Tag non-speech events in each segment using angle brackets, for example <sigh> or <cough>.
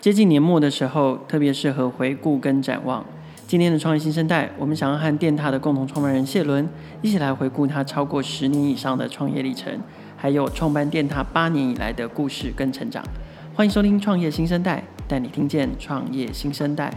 接近年末的時候，特別適合回顧跟展望。今天的創業新聲帶，我們想要和電獺的共同創辦人謝綸一起來回顧他超過十年以上的創業歷程，還有創辦電獺八年以來的故事跟成長。歡迎收聽創業新聲帶，帶你聽見創業新聲帶。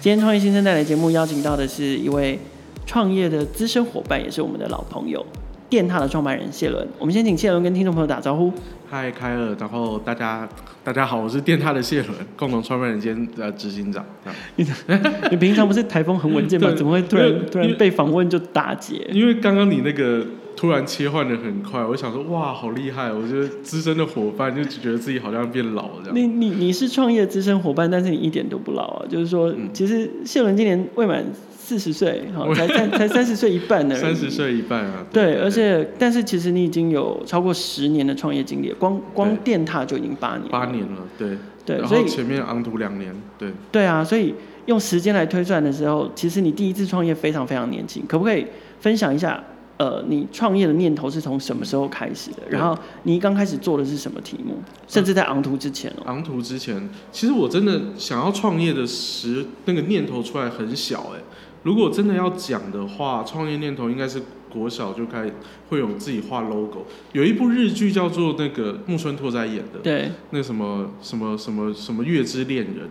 今天創業新聲帶的節目邀請到的是一位創業的資深夥伴，也是我們的老朋友。電獺的創辦人謝綸，我們先請謝綸跟聽眾朋友打招呼。嗨，凱爾，然後大家大家好，我是電獺的謝綸，共同創辦人兼的執行長，這樣，你。你平常不是台風很穩健嗎？怎麼會突然突然被訪問就打結？因為剛剛你那個突然切換的很快，我想說哇，好厲害！我覺得資深的夥伴就覺得自己好像變老了這樣。你你你是創業資深夥伴，但是你一點都不老啊，就是說，嗯，其實謝綸今年未滿。四十歲，才三才三十歲一半呢。三十歲一半啊。對，對對而且但是其實你已經有超過十年的創業經歷，光光電獺就已經八年了。八年了，對對，然後前面昂圖兩年，對,對。對啊，所以用時間來推算的時候，其實你第一次創業非常非常年輕。可不可以分享一下，呃，你創業的念頭是從什麼時候開始的？然後你剛開始做的是什麼題目？甚至在昂圖之前、哦。昂圖之前，其實我真的想要創業的時，那個念頭出來很小、欸，哎。如果真的要講的話，創業念頭應該是國小就開始會有自己畫 logo。有一部日劇叫做那個木村拓哉演的，對，那什麼什麼什麼什麼月之戀人，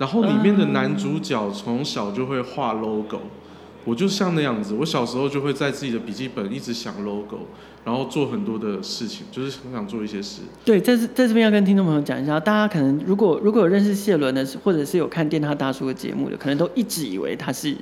然後裡面的男主角從小就會畫 logo，、嗯、我就像那樣子。我小時候就會在自己的筆記本一直想 logo，然後做很多的事情，就是很想做一些事。對，在這在這邊要跟聽眾朋友講一下，大家可能如果如果有認識謝綸的，或者是有看電獺大叔的節目的，可能都一直以為他是。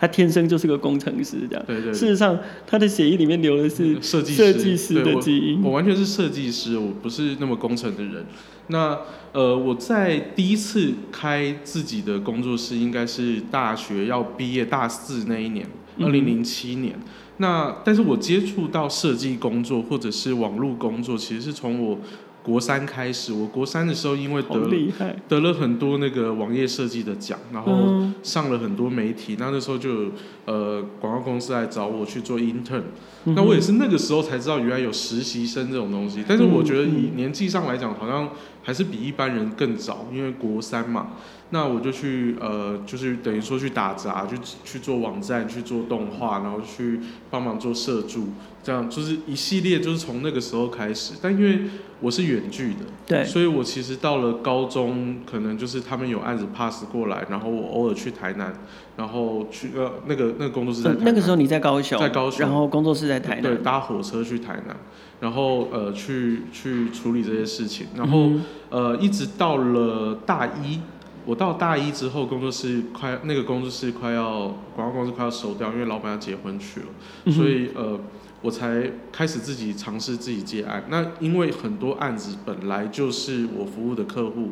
他天生就是個工程師，這樣。對，對對。事實上，他的血液裡面流的是設計師，嗯，設計師的基因。我，我完全是設計師，我不是那麼工程的人。那呃，我在第一次開自己的工作室，應該是大學要畢業大四那一年，二零零七年。嗯、那但是我接觸到設計工作或者是網絡工作，其實是從我。國三開始，我國三的時候因為得得了很多那個網頁設計的獎，然後上了很多媒體，那、嗯、那時候就呃廣告公司來找我去做 intern，嗯、那我也是那個時候才知道原來有實習生這種東西，但是我覺得以年紀上來講、嗯、好像還是比一般人更早，因為國三嘛。那我就去呃，就是等於說去打雜，就去做網站，去做動畫，然後去幫忙做社助，這樣就是一系列，就是從那個時候開始。但因為我是遠距的，對，所以我其實到了高中，可能就是他們有案子 pass 過來，然後我偶爾去台南，然後去呃那個那個工作室在台南，呃。那個時候你在高雄？在高雄，然後工作室在台南。對，搭火車去台南，然後呃去去處理這些事情，然後、嗯、呃一直到了大一。我到大一之後，工作室快那個工作室快要廣告公司快要收掉，因為老闆要結婚去了，嗯、所以呃，我才開始自己嘗試自己接案。那因為很多案子本來就是我服務的客戶，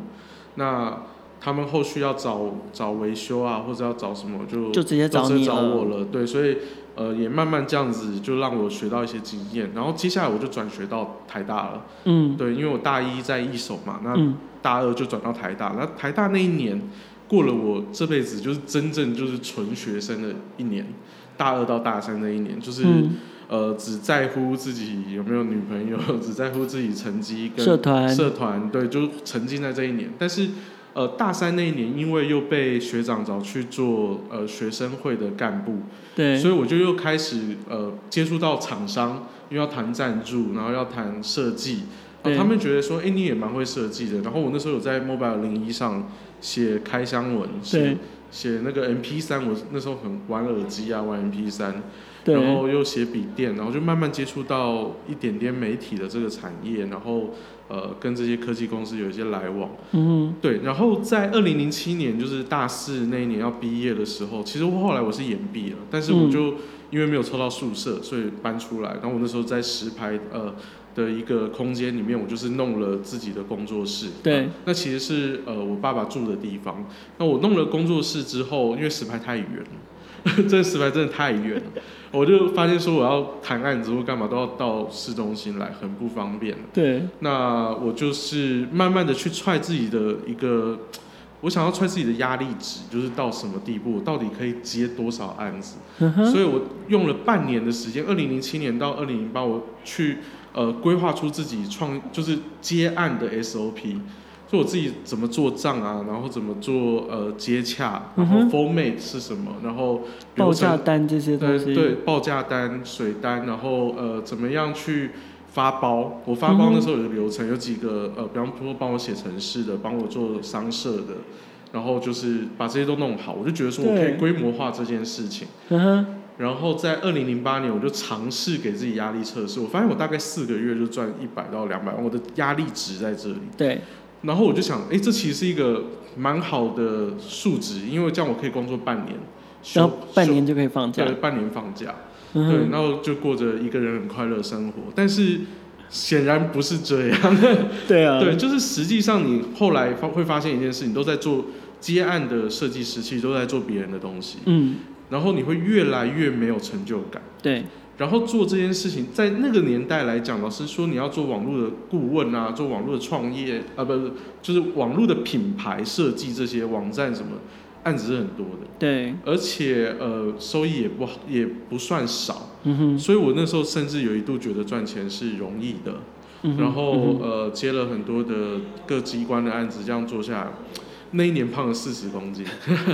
那他們後續要找找維修啊，或者要找什麼就就直接找你了，就直接找我了，對，所以呃也慢慢這樣子就讓我學到一些經驗。然後接下來我就轉學到台大了，嗯，對，因為我大一在一手嘛，那。嗯大二就轉到台大，那台大那一年過了，我這輩子就是真正就是純學生的一年。大二到大三那一年，就是、嗯、呃只在乎自己有沒有女朋友，只在乎自己成績跟社團社團對，就沉浸在這一年。但是呃大三那一年，因為又被學長找去做呃學生會的幹部，對，所以我就又開始呃接觸到廠商，又要談贊助，然後要談設計。哦、他們覺得說，哎，你也蠻會設計的。然後我那時候有在 Mobile 零一上寫開箱文，寫，對，寫那個 MP 三。我那時候很玩耳機啊，玩 MP 三，然後又寫筆電，然後就慢慢接觸到一點點媒體的這個產業。然後呃，跟這些科技公司有一些來往。嗯，對。然後在二零零七年，就是大四那一年要畢業的時候，其實我後來我是延畢了，但是我就、嗯、因為沒有抽到宿舍，所以搬出來。然後我那時候在石牌呃。的一個空間裡面，我就是弄了自己的工作室。對，呃、那其實是呃我爸爸住的地方。那我弄了工作室之後，因為石牌太遠了， <laughs> 這石牌真的太遠了，我就發現說我要談案子或幹嘛都要到市中心來，很不方便了。對，那我就是慢慢的去踹自己的一個，我想要踹自己的壓力值，就是到什麼地步，到底可以接多少案子。嗯、所以我用了半年的時間，二零零七年到二零零八，我去。呃，規劃出自己創，就是接案的 SOP，就我自己怎麼做賬啊，然後怎麼做呃接洽，然後 format 是什麼，然後報價單這些東西，對，對報價單、水單，然後呃怎麼樣去發包？我發包的時候有一個流程，嗯，有幾個呃，比方說幫我寫程式的，幫我做商社的，然後就是把這些都弄好，我就覺得說我可以規模化這件事情。然後在二零零八年，我就嘗試給自己壓力測試，我發現我大概四個月就賺一百到兩百萬，我的壓力值在這裡。對，然後我就想，哎，這其實是一個蠻好的數值，因為這樣我可以工作半年，然後半年就可以放假，對，半年放假，嗯，對，然後就過着一個人很快樂生活。但是顯然不是這樣，對啊，對，就是實際上你後來發會發現一件事情，你都在做接案的設計師，其實都在做別人的東西，嗯。然後你會越來越沒有成就感，對。然後做這件事情，在那個年代來講，老師說你要做網絡的顧問啊，做網絡的創業啊、呃，不是，就是網絡的品牌設計這些網站什麼案子是很多的，對。而且呃，收益也不好，也不算少、嗯。所以我那時候甚至有一度覺得賺錢是容易的。嗯、然後、嗯、呃，接了很多的各機關的案子，這樣做下來，那一年胖了四十公斤。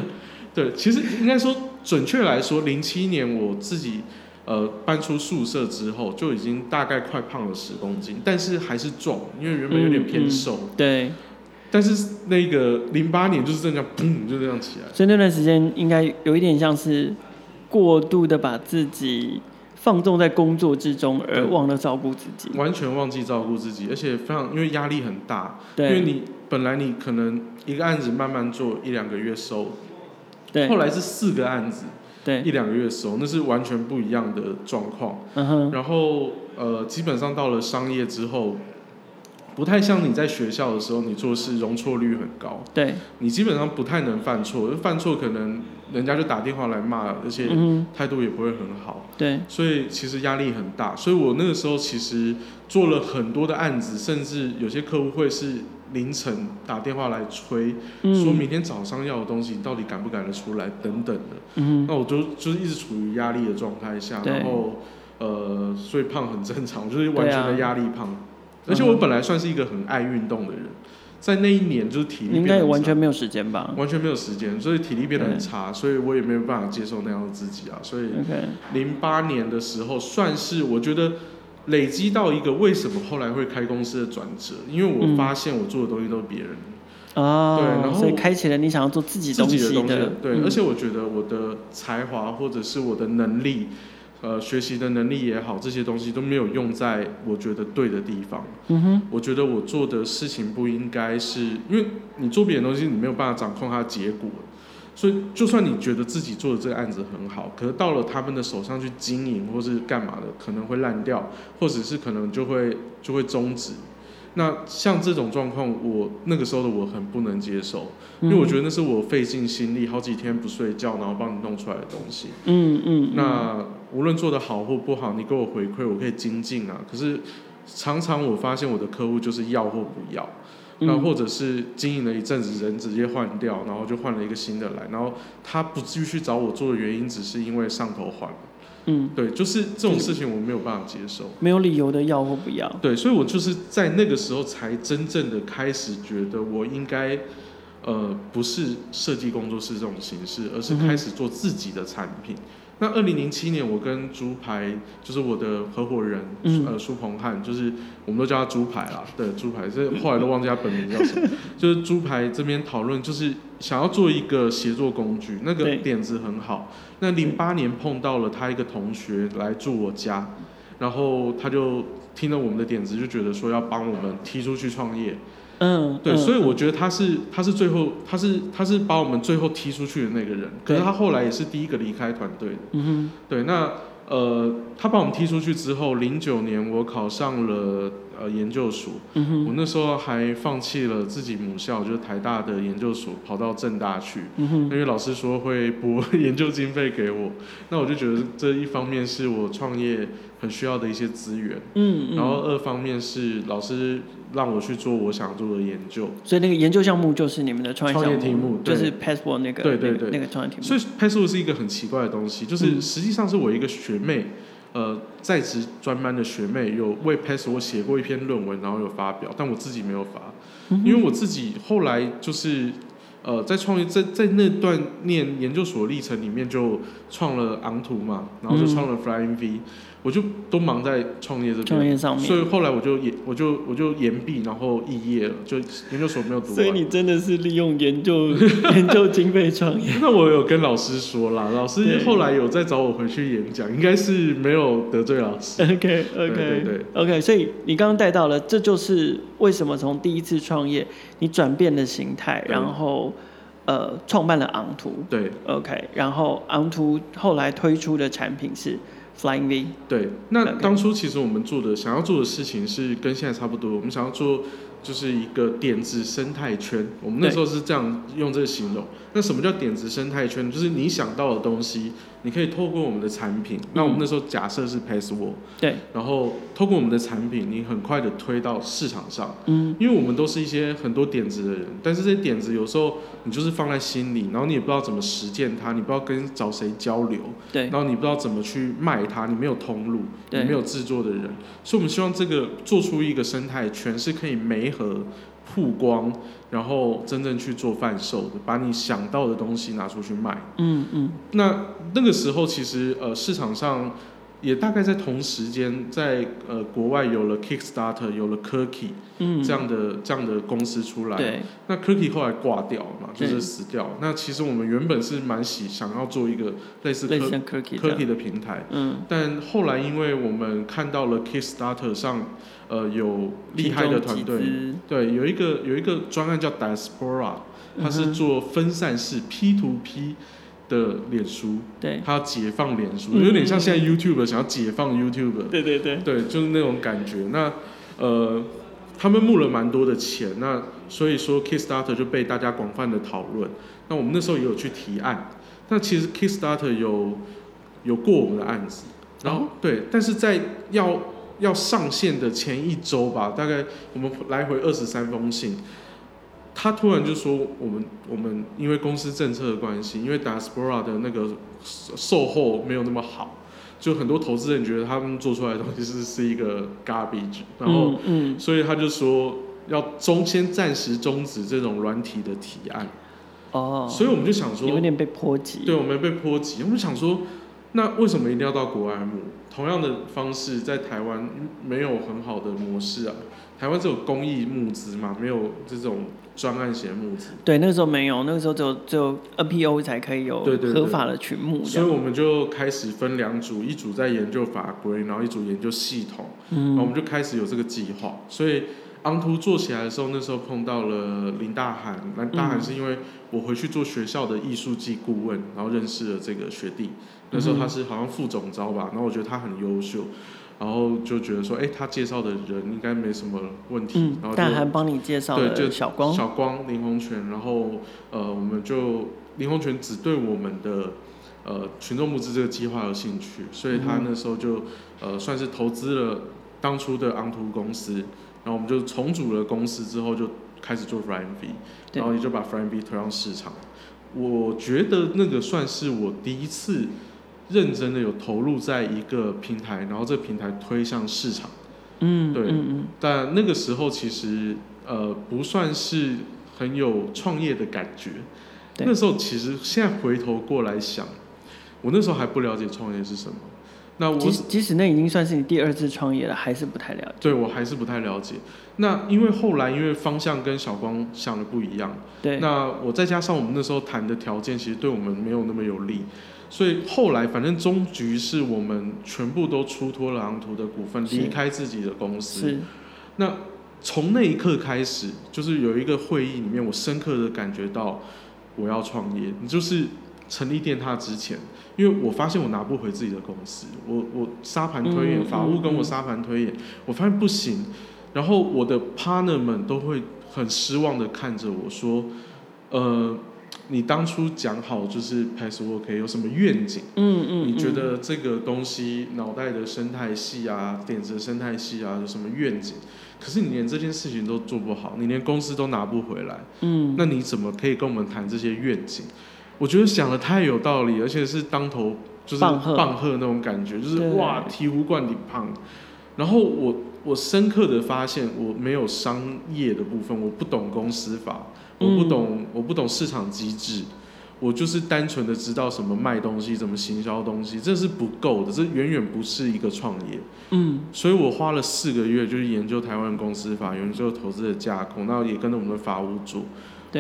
<laughs> 對，其實應該說。準確來說，零七年我自己，呃，搬出宿舍之後，就已經大概快胖了十公斤，但是還是壯，因為原本有點偏瘦。嗯嗯、對。但是那個零八年就是這樣，砰，就這樣起來。所以那段時間應該有一點像是過度的把自己放縱在工作之中，而忘了照顧自己，完全忘記照顧自己，而且非常，因為壓力很大。對。因為你本來你可能一個案子慢慢做一兩個月收。後來是四個案子，嗯，對，一兩個月的時候，那是完全不一樣的狀況。嗯哼，然後，呃，基本上到了商業之後。不太像你在學校的時候，你做事容錯率很高。對，你基本上不太能犯錯，犯錯可能人家就打電話來罵，而且態度也不會很好。對、嗯，所以其實壓力很大。所以我那個時候其實做了很多的案子，甚至有些客戶會是凌晨打電話來催，嗯、說明天早上要的東西你到底趕不趕得出來等等的。嗯，那我就就是一直處於壓力的狀態下，然後呃，所以胖很正常，就是完全的壓力胖。而且我本來算是一個很愛運動的人，在那一年就是體力變得很差，應該也完全沒有時間吧，完全沒有時間，所以體力變得很差，Okay. 所以我也沒有辦法接受那樣的自己啊。所以，零八年的時候算是我覺得累積到一個為什麼後來會開公司的轉折，因為我發現我做的東西都是別人啊、嗯，對，然後所以開啟了你想要做自己東西的，自己的東西對、嗯，而且我覺得我的才華或者是我的能力，呃，學習的能力也好，這些東西都沒有用在我覺得對的地方。嗯哼，我覺得我做的事情不應該是，因為你做別的東西，你沒有辦法掌控它的結果，所以就算你覺得自己做的這個案子很好，可是到了他們的手上去經營或是幹嘛的，可能會爛掉，或者是可能就會就會終止。那像這種狀況，我那個時候的我很不能接受，嗯，因為我覺得那是我費盡心力，好幾天不睡覺，然後幫你弄出來的東西。嗯嗯，嗯，那。無論做得好或不好，你給我回饋，我可以精進啊。可是常常我發現我的客戶就是要或不要，那或者是經營了一陣子人，人直接換掉，然後就換了一個新的來，然後他不繼續找我做的原因，只是因為上頭換了。嗯，對，就是這種事情我沒有辦法接受，沒有理由的要或不要。對，所以我就是在那個時候才真正的開始覺得我應該。呃，不是設計工作室這種形式，而是開始做自己的產品。嗯、那二零零七年，我跟豬排，就是我的合夥人，嗯、呃，蘇鵬漢，就是我們都叫他豬排啦，對，豬排，這後來都忘記他本名叫什麼。 <laughs> 就是豬排這邊討論，就是想要做一個協作工具，那個點子很好。那零八年碰到了他一個同學來住我家，然後他就聽了我們的點子，就覺得說要幫我們踢出去創業。嗯，對嗯，所以我覺得他是，他是最後，他是，他是把我們最後踢出去的那個人。可是他後來也是第一個離開團隊的。嗯哼，對，那呃，他把我們踢出去之後，零九年我考上了。呃，研究所，嗯，我那時候還放棄了自己母校，就是台大的研究所，跑到政大去，嗯，因為老師說會撥研究經費給我，那我就覺得這一方面是我創業很需要的一些資源，嗯，嗯，然後二方面是老師讓我去做我想做的研究，所以那個研究項目就是你們的創業項目，創業題目，就是 passport 那個對對對，對那個創業題目，所以 passport 是一個很奇怪的東西，就是實際上是我一個學妹。嗯呃，在職專班的學妹有為 PASS 我寫過一篇論文，然後有發表，但我自己沒有發，因為我自己後來就是呃，在創業，在在那段念研究所歷程裡面就創了昂圖嘛，然後就創了 Flying V。嗯。我就都忙在創業這邊，所以後來我就也，我就我就延畢，然後肄業了，就研究所沒有讀完。所以你真的是利用研究 <laughs> 研究經費創業。 <laughs> 那我有跟老師說了，老師後來有再找我回去演講，應該是沒有得罪老師。OK OK 對對對 OK，所以你剛剛帶到了，這就是為什麼從第一次創業你轉變了形態，然後呃創辦了昂圖。對，OK，然後昂圖後來推出的產品是。對，那當初其實我們做的、想要做的事情是跟現在差不多，我們想要做。就是一個點子生態圈，我們那時候是這樣用這個形容。那什麼叫點子生態圈？就是你想到的東西，你可以透過我們的產品。嗯、那我們那時候假設是 password，對。然後透過我們的產品，你很快的推到市場上。嗯。因為我們都是一些很多點子的人，但是這些點子有時候你就是放在心裡，然後你也不知道怎麼實踐它，你不知道跟找誰交流，對。然後你不知道怎麼去賣它，你沒有通路，對，你沒有制作的人，所以我們希望這個做出一個生態圈，是可以美。和曝光，然後真正去做販售的，把你想到的東西拿出去賣。嗯嗯。那那個時候其實呃市場上也大概在同時間在呃國外有了 Kickstarter 有了 Quirky，嗯這樣的這樣的公司出來。對。那 Quirky 後來掛掉了嘛，就是死掉。那其實我們原本是蠻喜想要做一個類似 k Quirky 的平台，嗯。但後來因為我們看到了 Kickstarter 上。呃，有厲害的團隊，對，有一個有一個專案叫 Diaspora，它是做分散式 P 2 P 的臉書、嗯、書，對，它要解放臉書，有點像現在 YouTube 想要解放 YouTube，對對對，對，就是那種感覺。那呃，他們募了蠻多的錢，那所以說 Kickstarter 就被大家廣泛的討論。那我們那時候也有去提案，那其實 Kickstarter 有有過我們的案子，然後、哦、對，但是在要。要上線的前一周吧，大概我們來回二十三封信，他突然就說我們、嗯、我們因為公司政策的關係，因為 Diaspora 的那個售後沒有那麼好，就很多投資人覺得他們做出來的東西是是是一個 garbage，然後、嗯嗯、所以他就說要中先暫時終止這種軟體的提案。哦，所以我們就想說有點被波及，對，我們被波及，我們想說。那為什麼一定要到國外募？同樣的方式在台灣沒有很好的模式啊。台灣只有公益募資嘛，沒有這種專案型的募資。對，那個時候沒有，那個時候只有,只有 NPO 才可以有合法的群募對對對。所以我們就開始分兩組，一組在研究法規，然後一組研究系統。嗯。然後我們就開始有這個計劃。嗯。所以昂圖做起來的時候，那時候碰到了林大涵。那大涵是因為我回去做學校的藝術技顧問，然後認識了這個學弟。那時候他是好像副總召吧，嗯，然後我覺得他很優秀，然後就覺得說，哎、欸，他介紹的人應該沒什麼問題。嗯、然後就但還幫你介紹了小光、小光林弘全然後呃，我們就林弘全只對我們的呃群眾募資這個計劃有興趣，所以他那時候就、嗯、呃算是投資了當初的昂圖公司，然後我們就重組了公司之後就開始做 FlyingV，然後就把 FlyingV 推向市場。我覺得那個算是我第一次，認真的有投入在一個平台，然後這個平台推向市場，嗯，對，嗯，但那個時候其實呃不算是很有創業的感覺，那時候其實現在回頭過來想，我那時候還不了解創業是什麼，那我即使那已經算是你第二次創業了，還是不太了解，對，我還是不太了解。那因為後來因為方向跟小光想的不一樣，對，那我再加上我們那時候談的條件，其實對我們沒有那麼有利。所以後來，反正終局是我們全部都出脫了昂圖的股份，離開自己的公司。是，那從那一刻開始，就是有一個會議裡面，我深刻的感覺到我要創業。你就是成立電獺之前，因為我發現我拿不回自己的公司，我我沙盤推演、嗯，法務跟我沙盤推演、嗯嗯，我發現不行。然後我的 partner 們都會很失望的看着我說，呃。你當初講好就是 password 可以有什麼願景？嗯嗯、嗯，你覺得這個東西腦袋的生態系啊，點子的生態系啊有什麼願景？可是你連這件事情都做不好，你連公司都拿不回來。嗯，那你怎麼可以跟我們談這些願景？我覺得想得太有道理，而且是當頭就是棒喝那種感覺，就是哇醍醐灌頂棒。然後我我深刻的發現，我沒有商業的部分，我不懂公司法。我不懂、嗯，我不懂市場機制，我就是單純的知道什麼賣東西，什麼行銷東西，這是不夠的，這遠遠不是一個創業。嗯，所以我花了四個月，就是研究台灣公司法，研究投資的架構，那也跟着我們的法務組。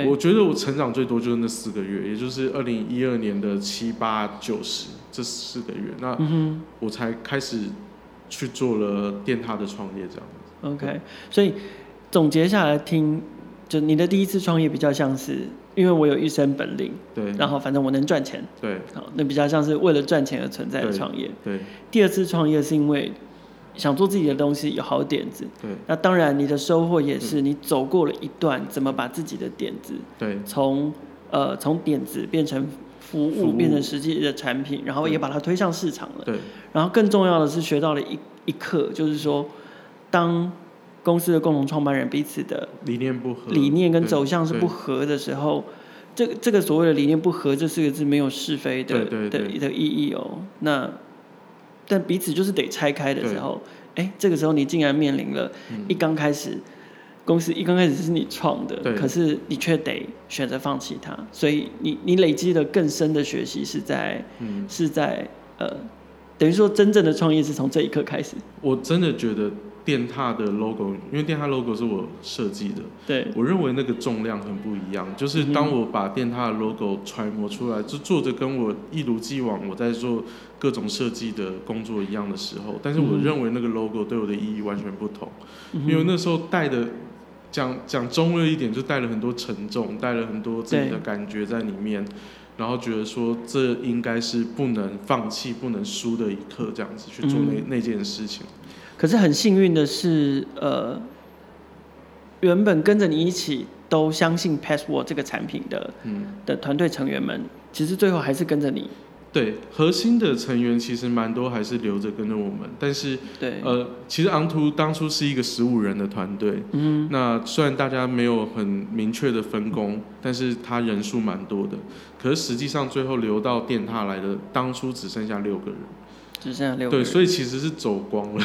我覺得我成長最多就是那四個月，嗯、也就是二零一二年的七八九十這四個月，那我才開始去做了電獺的創業這樣子。OK，、嗯嗯、所以總結下來聽。就你的第一次創業比較像是，因為我有一身本領，對，然後反正我能賺錢，對，好，那比較像是為了賺錢而存在的創業對，對。第二次創業是因為想做自己的東西，有好點子，對。那當然，你的收穫也是你走過了一段，怎麼把自己的點子，對，從呃從點子變成服務，服務變成實際的產品，然後也把它推向市場了，對。然後更重要的是學到了一一課，就是說當。公司的共同創辦人彼此的理念不合，理念跟走向是不合的時候，這個、這個所謂的理念不合，這四個字沒有是非的的的意義哦。那但彼此就是得拆開的時候，哎，這個時候你竟然面臨了一剛開始、嗯、公司一剛開始是你創的，可是你卻得選擇放棄它，所以你你累積的更深的學習是在、嗯、是在呃，等於說真正的創業是從這一刻開始。我真的覺得。電獺的 logo，因為電獺 logo 是我設計的，對，我認為那個重量很不一樣。就是當我把電獺的 logo 揣摩出來，就做的跟我一如既往我在做各種設計的工作一樣的時候，但是我認為那個 logo 對我的意義完全不同。嗯、因為那時候帶的，講講中二一點，就帶了很多沉重，帶了很多自己的感覺在裡面，然後覺得說這應該是不能放棄、不能輸的一刻，這樣子去做那、嗯、那件事情。可是很幸運的是，呃，原本跟着你一起都相信 Password 這個產品的，嗯，的團隊成員們，其實最後還是跟着你。對，核心的成員其實蠻多，還是留着跟着我們。但是，對，呃，其實昂圖當初是一個十五人的團隊，嗯，那雖然大家沒有很明確的分工，但是他人數蠻多的。可是實際上，最後留到電獺來的，當初只剩下六個人。六對，所以其實是走光了，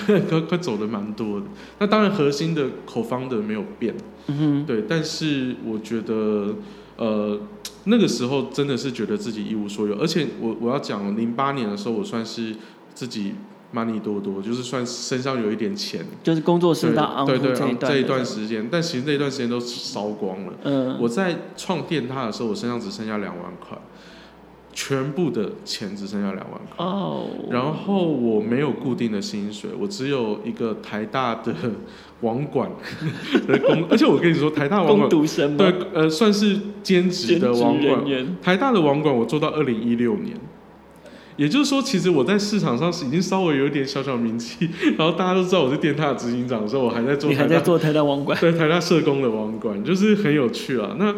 快走的蠻多的。那當然，核心的口方的沒有變，嗯，對。但是我覺得，呃，那個時候真的是覺得自己一無所有。而且我我要講，零八年的時候，我算是自己 money 多多，就是算身上有一點錢，就是工作升到安工這一段對對，這一段時間。但其實那一段時間都燒光了。嗯、呃，我在創電獺的時候，我身上只剩下兩萬塊。全部的錢只剩下兩萬塊，oh. 然後我沒有固定的薪水，我只有一個台大的網管的工， <laughs> 而且我跟你說，台大網管對，呃，算是兼職的網管。台大的網管我做到二零一六年，也就是說，其實我在市場上是已經稍微有一點小小名氣，然後大家都知道我是電獺的執行長的時候，所以我還在做，你還在做台大網管，對，台大社工的網管，就是很有趣啊。那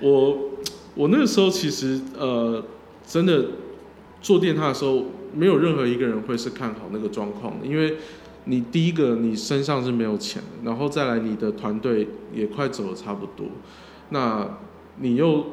我我那個時候其實呃。真的做電獺的時候，沒有任何一個人會是看好那個狀況的，因為，你第一個你身上是沒有錢的，然後再來你的團隊也快走的差不多，那你又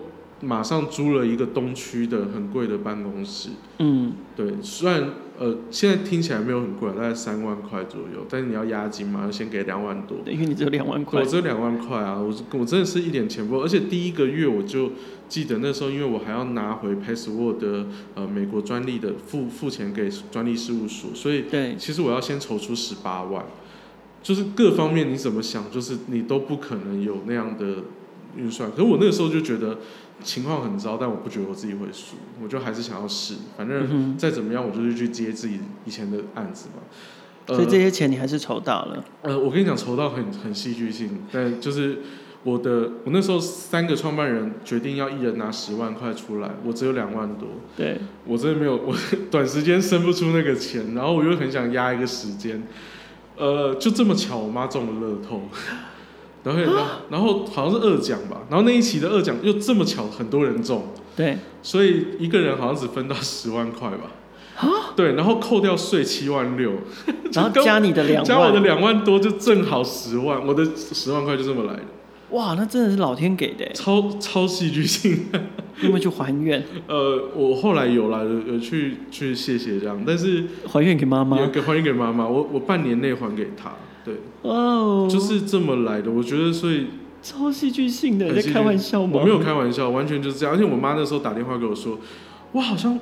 馬上租了一個東區的很貴的辦公室，嗯，對，雖然。呃，現在聽起來沒有很貴，大概三萬塊左右。但是你要押金嘛，要先給兩萬多對。因為你只有兩萬塊，我只有兩萬塊啊！我我真的是一點錢不夠。而且第一個月我就記得那時候，因為我還要拿回 password 的呃美國專利的付付錢給專利事務所，所以對，其實我要先籌出十八萬，就是各方面你怎麼想，就是你都不可能有那樣的預算。可是我那個時候就覺得。情況很糟，但我不覺得我自己會輸，我就還是想要試。反正再怎麼樣，嗯，我就是去接自己以前的案子嘛。所以這些錢你還是籌到了？呃，我跟你講，籌到很很戲劇性，嗯，但就是我的，我那時候三個創辦人決定要一人拿十萬塊出來，我只有兩萬多。對，我真的沒有，我短時間生不出那個錢，然後我又很想壓一個時間。呃，就這麼巧，我媽中了樂透。然後然後好像是二獎吧，然後那一期的二獎又這麼巧，很多人中，對，所以一個人好像只分到十萬塊吧，對，然後扣掉稅七萬六，然後 <laughs> 加你的兩萬，加我的兩萬多就正好十萬，我的十萬塊就這麼來的，哇，那真的是老天給的，超超戲劇性，有沒有去還願？呃，我後來有來了，有去去謝謝這樣，但是還願給媽媽，給還願給媽媽，我我半年內還給她。對哇、哦，就是這麼來的。我覺得，所以超戲劇性的，你在開玩笑嗎？呃、我沒有開玩笑，完全就是這樣。而且我媽那時候打電話給我說，我好像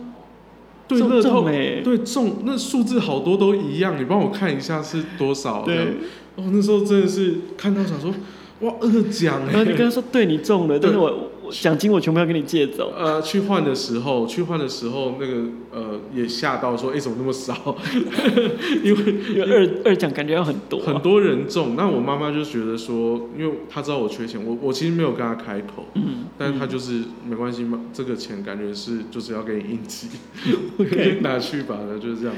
對樂透，對中，中，中，、欸、對中那數字好多都一樣，你幫我看一下是多少？對，哦，我那時候真的是看到想說，哇，二獎、欸！然你剛才說，對你中了，但是我。獎金我全部要跟你借走。呃，去換的時候，去換的時候，那個呃也嚇到說，哎、欸，怎麼那麼少？ <laughs> <laughs> 因，為因為二因為二獎感覺要很多、啊。很多人中，嗯、那我媽媽就覺得說，因為她知道我缺錢，我我其實沒有跟她開口，嗯，但是她就是、嗯、沒關係嘛，這個錢感覺是就是要給你應急。可以拿去吧，就是這樣。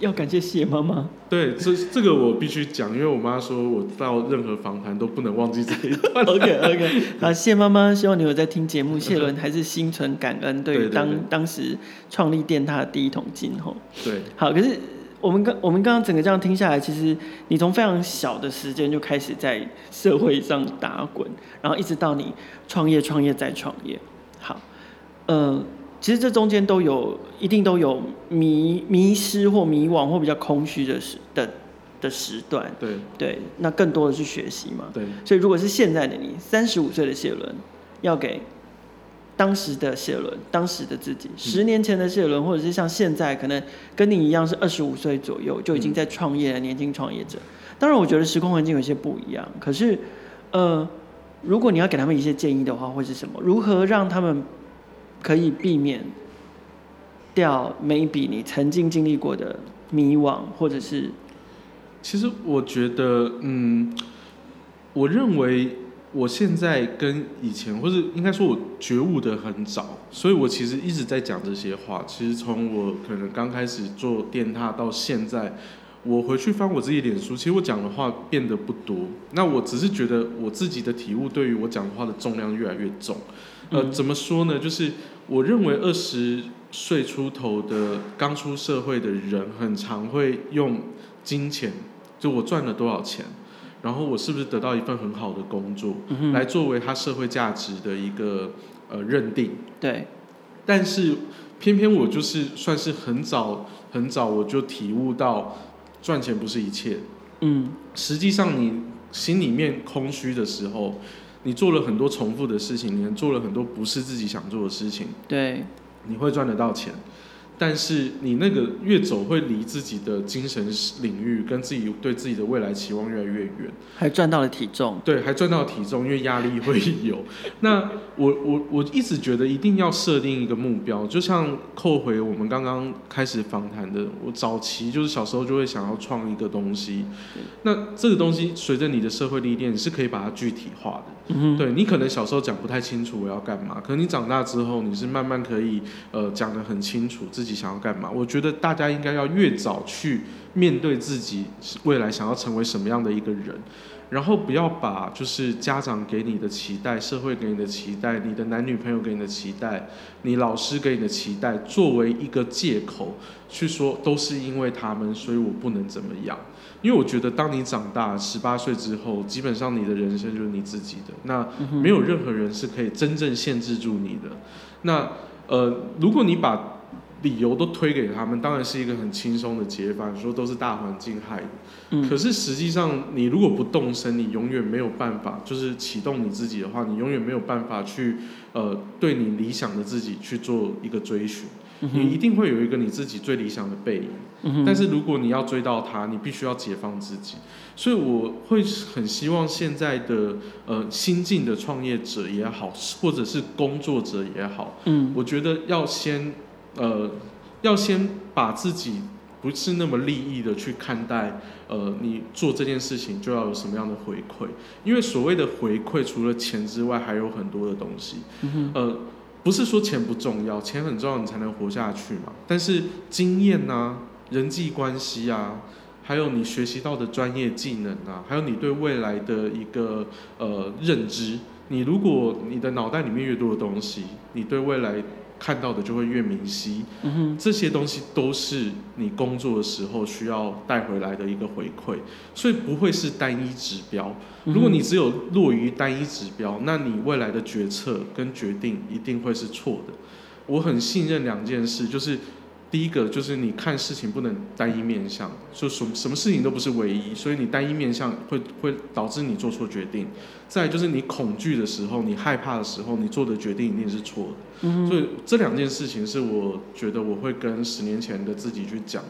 要感謝謝媽媽。對，這這個我必須講，因為我媽說我到任何訪談都不能忘記這一段。OK OK，好、 <laughs> 啊，謝媽媽，希望你會在。在聽節目，謝綸還是心存感恩對，對當當時創立電獺的第一桶金吼。對，好，可是我們剛我們剛剛整個這樣聽下來，其實你從非常小的時間就開始在社會上打滾，然後一直到你創業、創業再創業。好，嗯、呃，其實這中間都有一定都有迷迷失或迷惘或比較空虛的時的的時段。對對，那更多的是學習嘛。對，所以如果是現在的你，三十五歲的謝綸。要給當時的謝綸，當時的自己，嗯、十年前的謝綸，或者是像現在可能跟你一樣是二十五歲左右就已經在創業的、嗯、年輕創業者，當然我覺得時空環境有一些不一樣。可是，呃，如果你要給他們一些建議的話，會是什麼？如何讓他們可以避免掉每一筆你曾經經歷過的迷惘，或者是？其實我覺得，嗯，我認為。我現在跟以前，或是應該說，我覺悟的很早，所以我其實一直在講這些話。其實從我可能剛開始做電獺到現在，我回去翻我自己的臉書，其實我講的話變得不多。那我只是覺得我自己的體悟對於我講的話的重量越來越重。呃，怎麼說呢？就是我認為二十歲出頭的、嗯、剛出社會的人，很常會用金錢，就我賺了多少錢。然後我是不是得到一份很好的工作，嗯、來作為他社會價值的一個呃認定？對。但是偏偏我就是算是很早、嗯、很早我就體悟到，賺錢不是一切。嗯，實際上你心裡面空虛的時候，你做了很多重複的事情，你做了很多不是自己想做的事情，對，你會賺得到錢。但是你那個越走會離自己的精神領域跟自己對自己的未來期望，越來越遠。還賺到了體重？對，還賺到了體重，因為壓力會有。那我我我一直覺得一定要設定一個目標，就像扣回我們剛剛開始訪談的，我早期就是小時候就會想要創一個東西，那這個東西隨着你的社會歷練，你是可以把它具體化的。嗯，對你可能小時候講不太清楚我要幹嘛，可能你長大之後你是慢慢可以呃講得很清楚自己想要幹嘛？我覺得大家應該要越早去面對自己未來想要成為什麼樣的一個人，然後不要把就是家長給你的期待、社會給你的期待、你的男女朋友給你的期待、你老師給你的期待作為一個借口去說都是因為他們，所以我不能怎麼樣。因為我覺得當你長大十八歲之後，基本上你的人生就是你自己的，那沒有任何人是可以真正限制住你的。那呃，如果你把理由都推給他們，當然是一個很輕鬆的解法，說都是大環境害的。嗯，可是實際上，你如果不動身，你永遠沒有辦法，就是啟動你自己的話，你永遠沒有辦法去，呃，對你理想的自己去做一個追尋。嗯，你一定會有一個你自己最理想的背影，嗯。但是如果你要追到他，你必須要解放自己。所以我會很希望現在的呃新進的創業者也好，或者是工作者也好，嗯，我覺得要先。呃，要先把自己不是那麼利益的去看待，呃，你做這件事情就要有什麼樣的回饋？因為所謂的回饋，除了錢之外，還有很多的東西。嗯、呃，不是說錢不重要，錢很重要，你才能活下去嘛。但是經驗吶、啊嗯，人際關係啊，還有你學習到的專業技能啊，還有你對未來的一個呃認知，你如果你的腦袋裡面越多的東西，你對未來。看到的就會越明晰。嗯，這些東西都是你工作的時候需要帶回來的一個回饋，所以不會是單一指標。如果你只有落於單一指標，嗯，那你未來的決策跟決定一定會是錯的。我很信任兩件事，就是。第一個就是你看事情不能單一面向，就什麼什麼事情都不是唯一，所以你單一面向會會導致你做錯決定。再來就是你恐懼的時候，你害怕的時候，你做的決定一定是錯的。嗯。所以這兩件事情是我覺得我會跟十年前的自己去講。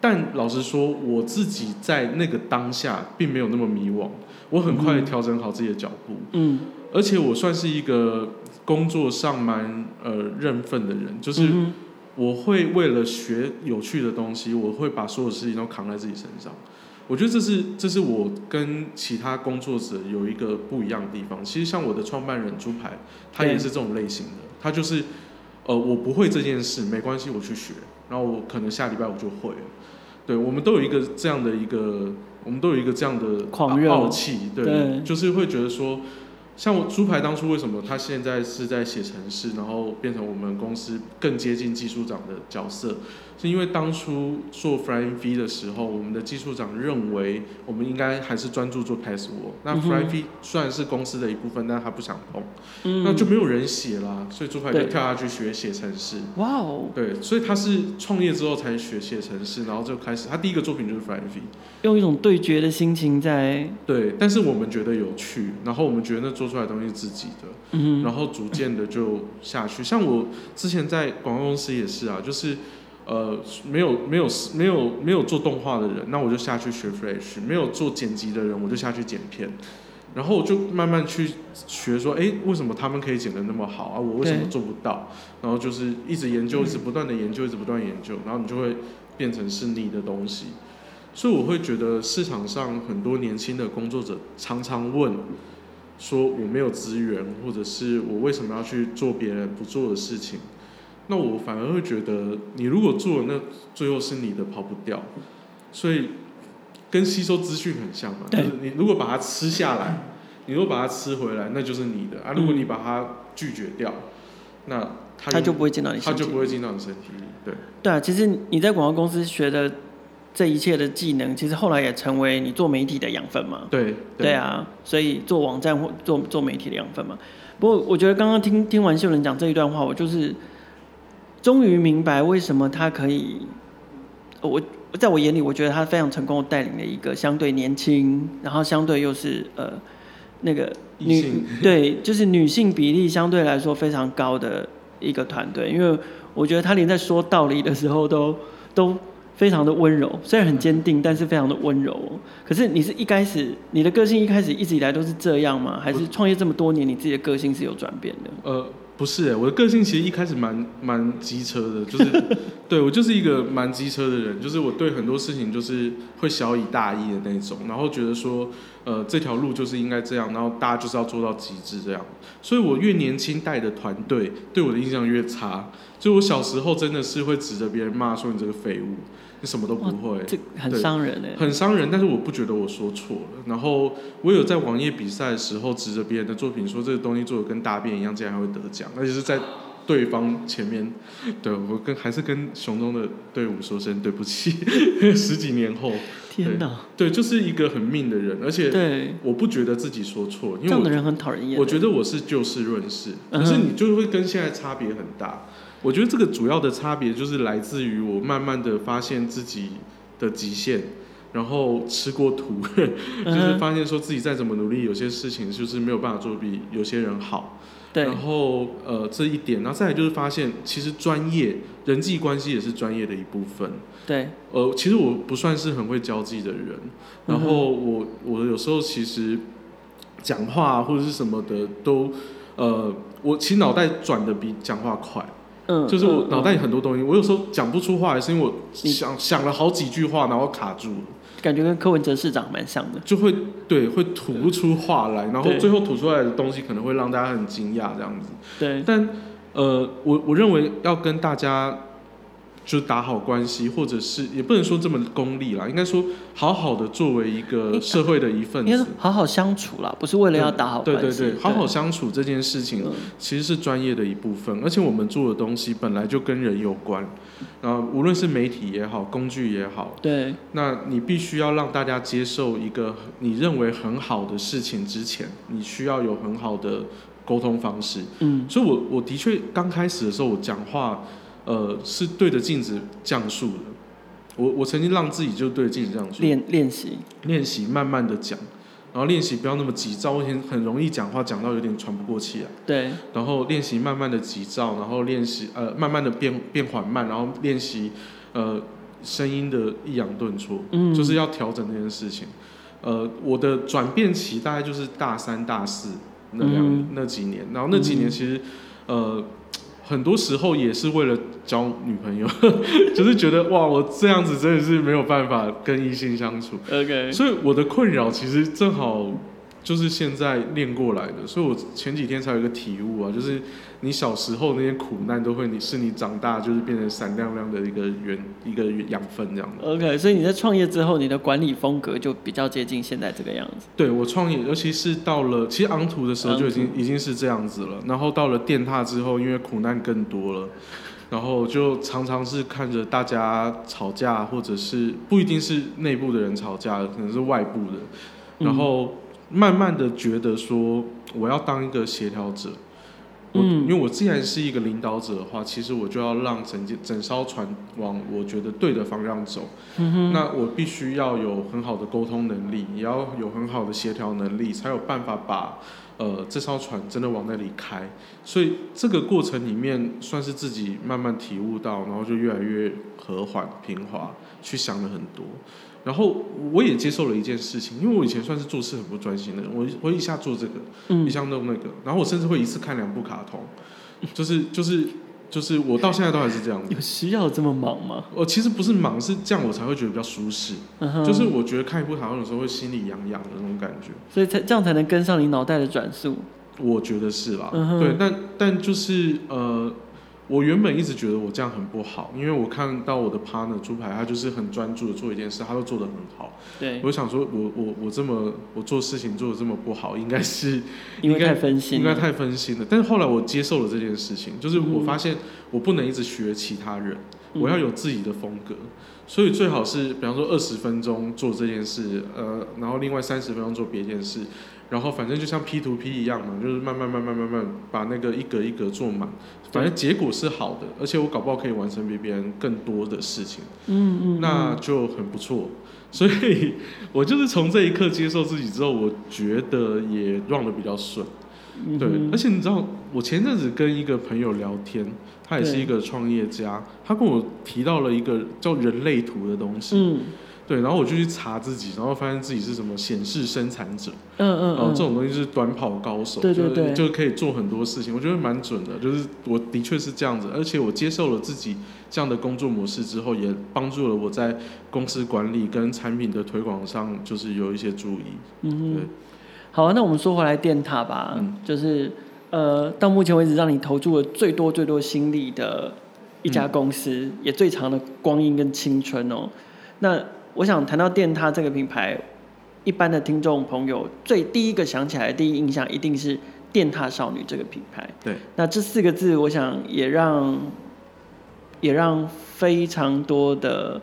但老實說，我自己在那個當下並沒有那麼迷惘，我很快調整好自己的腳步。嗯。嗯，而且我算是一個工作上蠻呃認份的人，就是。嗯。我會為了學有趣的東西，我會把所有事情都扛在自己身上。我覺得這是這是我跟其他工作者有一個不一樣的地方。其實像我的創辦人豬排，他也是這種類型的，他就是，呃，我不會這件事沒關係，我去學，然後我可能下禮拜我就會。對，我們都有一個這樣的一個，我們都有一個這樣的狂傲氣對，對，就是會覺得說。像我豬排當初為什麼他現在是在寫程式，然後變成我們公司更接近技術長的角色，是因為當初做 FlyingV 的時候，我們的技術長認為我們應該還是專注做 Password。那 FlyingV 雖然是公司的一部分，但他不想碰，那就沒有人寫啦，所以豬排就跳下去學寫程式。哇哦，wow. 對，所以他是創業之後才學寫程式，然後就開始他第一個作品就是 FlyingV。用一種對決的心情在對，但是我們覺得有趣，然後我們覺得那做出來的東西是自己的、嗯，然後逐漸的就下去。像我之前在廣告公司也是啊，就是呃，沒有沒有沒有沒有做動畫的人，那我就下去學 Flash；沒有做剪輯的人，我就下去剪片。然後我就慢慢去學說，說哎，為什麼他們可以剪的那麼好啊？我為什麼做不到？然後就是一直研究，嗯、一直不斷的研究，一直不斷研究，然後你就會變成是你的東西。所以我會覺得市場上很多年輕的工作者常常問說：“我沒有資源，或者是我為什麼要去做別人不做的事情？”那我反而會覺得，你如果做了，那最後是你的，跑不掉。所以跟吸收資訊很像嘛，就是你如果把它吃下來，你如果把它吃回來，那就是你的啊。如果你把它拒絕掉，那他就不會進到你，他就不會進到你身體裡。對對啊，其實你在廣告公司學的。這一切的技能，其實後來也成為你做媒體的養分嘛。對對，對啊，所以做網站或做做媒體的養分嘛。不過我覺得剛剛聽聽完秀綸講這一段話，我就是終於明白為什麼他可以。我在我眼裡，我覺得他非常成功地帶領了一個相對年輕，然後相對又是呃那個女、女性對，就是女性比例相對來說非常高的一個團隊。因為我覺得他連在說道理的時候都都。非常的溫柔，雖然很堅定，但是非常的溫柔。可是你是一開始你的個性一開始一直以來都是這樣嗎？還是創業這麼多年，你自己的個性是有轉變的？呃，不是欸，我的個性其實一開始蠻蠻機車的，就是 <laughs> 對我就是一個蠻機車的人，就是我對很多事情就是會曉以大義的那種，然後覺得說呃這條路就是應該這樣，然後大家就是要做到極致這樣。所以我越年輕帶的團隊對我的印象越差，就我小時候真的是會指着別人罵說你這個廢物。你什麼都不會，這很傷人，很傷人。但是我不覺得我說錯了。然後我有在網頁比賽的時候指着別人的作品說：“這個東西做的跟大便一樣，竟然還會得獎。”而且是在對方前面，對我跟還是跟熊東的隊伍說聲對不起。 <laughs> 十幾年後，天哪，對，就是一個很命的人，而且對，我不覺得自己說錯，因為這樣的人很討人厭的人，我覺得我是就事論事，可是你就會跟現在差別很大。我覺得這個主要的差別就是來自於我慢慢的發現自己的極限，然後吃過土，uh -huh. <laughs> 就是發現說自己再怎麼努力，有些事情就是沒有辦法做比有些人好。對。然後呃這一點，然後再來就是發現其實專業人際關係也是專業的一部分。對。呃，其實我不算是很會交際的人，然後我、uh -huh. 我有時候其實講話或者是什麼的都，呃，我其實腦袋轉的比講話快。嗯、就是我腦袋有很多東西，嗯嗯、我有時候講不出話，也是因為我想，想了好幾句話，然後卡住了。感覺跟柯文哲市長蠻像的，就會對，會吐不出話來，然後最後吐出來的東西可能會讓大家很驚訝，這樣子。對，但呃，我我認為要跟大家。就打好關係，或者是也不能說這麼功利啦，應該說好好的作為一個社會的一份子，好好相處啦，不是為了要打好關係。對對對，對，對，好好相處這件事情其實是專業的一部分，而且我們做的東西本來就跟人有關，然後無論是媒體也好，工具也好，對，那你必須要讓大家接受一個你認為很好的事情之前，你需要有很好的溝通方式。嗯，所以我我的確剛開始的時候我講話。呃，是對着鏡子降速的。我我曾經讓自己就對着鏡子降速的練練習練習，練習慢慢的講，然後練習不要那麼急躁，很很容易講話講到有點喘不過氣啊。對，然後練習慢慢的急躁，然後練習呃慢慢的變變緩慢，然後練習呃聲音的抑揚頓挫，嗯，就是要調整那件事情。呃，我的轉變期大概就是大三大四那兩，嗯，那幾年，然後那幾年其實，嗯，呃很多時候也是為了。交女朋友，就是覺得哇，我這樣子真的是沒有辦法跟異性相處。OK，所以我的困擾其實正好就是現在練過來的。所以，我前幾天才有一個體悟啊，就是你小時候那些苦難都會是你長大，就是變成閃亮亮的一個原，一個養分這樣的。OK，所以你在創業之後，你的管理風格就比較接近現在這個樣子。對，我創業，尤其是到了其實昂圖的時候就已經已經是這樣子了。然後到了電獺之後，因為苦難更多了。然後就常常是看着大家吵架，或者是不一定是內部的人吵架，可能是外部的。然後慢慢的覺得說，我要當一個協調者，我，因為我既然是一個領導者的話，嗯，其實我就要讓整整艘船往我覺得對的方向走。嗯哼。那我必須要有很好的溝通能力，也要有很好的協調能力，才有辦法把。呃，這艘船真的往那裡開，所以這個過程裡面算是自己慢慢體悟到，然後就越來越和緩平滑，去想了很多。然後我也接受了一件事情，因為我以前算是做事很不專心的人，我我一下做這個，一下弄那個，嗯，然後我甚至會一次看兩部卡通，就是就是。就是我到現在都還是這樣。有需要這麼忙嗎？哦，其實不是忙，是這樣我才會覺得比較舒適。Uh -huh. 就是我覺得看一部討論的時候，會心裡癢癢的那種感覺。所以才這樣才能跟上你腦袋的轉速。我覺得是吧。Uh -huh. 對，但但就是呃。我原本一直覺得我這樣很不好，因為我看到我的 partner 豬排，他就是很專注的做一件事，他都做得很好。對，我想說我，我我我這麼我做事情做得這麼不好，應該是應該太分心應，應該太分心了、嗯。但是後來我接受了這件事情，就是我發現我不能一直學其他人，我要有自己的風格。嗯、所以最好是，比方說二十分鐘做這件事，呃，然後另外三十分鐘做別一件事。然後反正就像 P 2 P 一樣嘛，就是慢慢慢慢慢慢把那個一格一格做滿，反正結果是好的，而且我搞不好可以完成比別人更多的事情，嗯嗯，嗯，那就很不錯。所以我就是從這一刻接受自己之後，我覺得也 run 得比較順，嗯，對。而且你知道，我前一陣子跟一個朋友聊天，他也是一個創業家，他跟我提到了一個叫人類圖的東西，嗯。對，然後我就去查自己，然後發現自己是什麼顯示生產者，嗯嗯，然後這種東西是短跑高手，對對對，對就是、就可以做很多事情，我覺得蠻準的，就是我的確是這樣子，而且我接受了自己這樣的工作模式之後，也幫助了我在公司管理跟產品的推廣上，就是有一些注意，嗯對，好，那我們說回來電獺吧，嗯、就是呃，到目前為止讓你投注了最多最多心力的一家公司，嗯、也最長的光陰跟青春哦，那。我想談到電獺這個品牌，一般的聽眾朋友最第一個想起來的第一印象，一定是電獺少女這個品牌。對，那這四個字，我想也讓也讓非常多的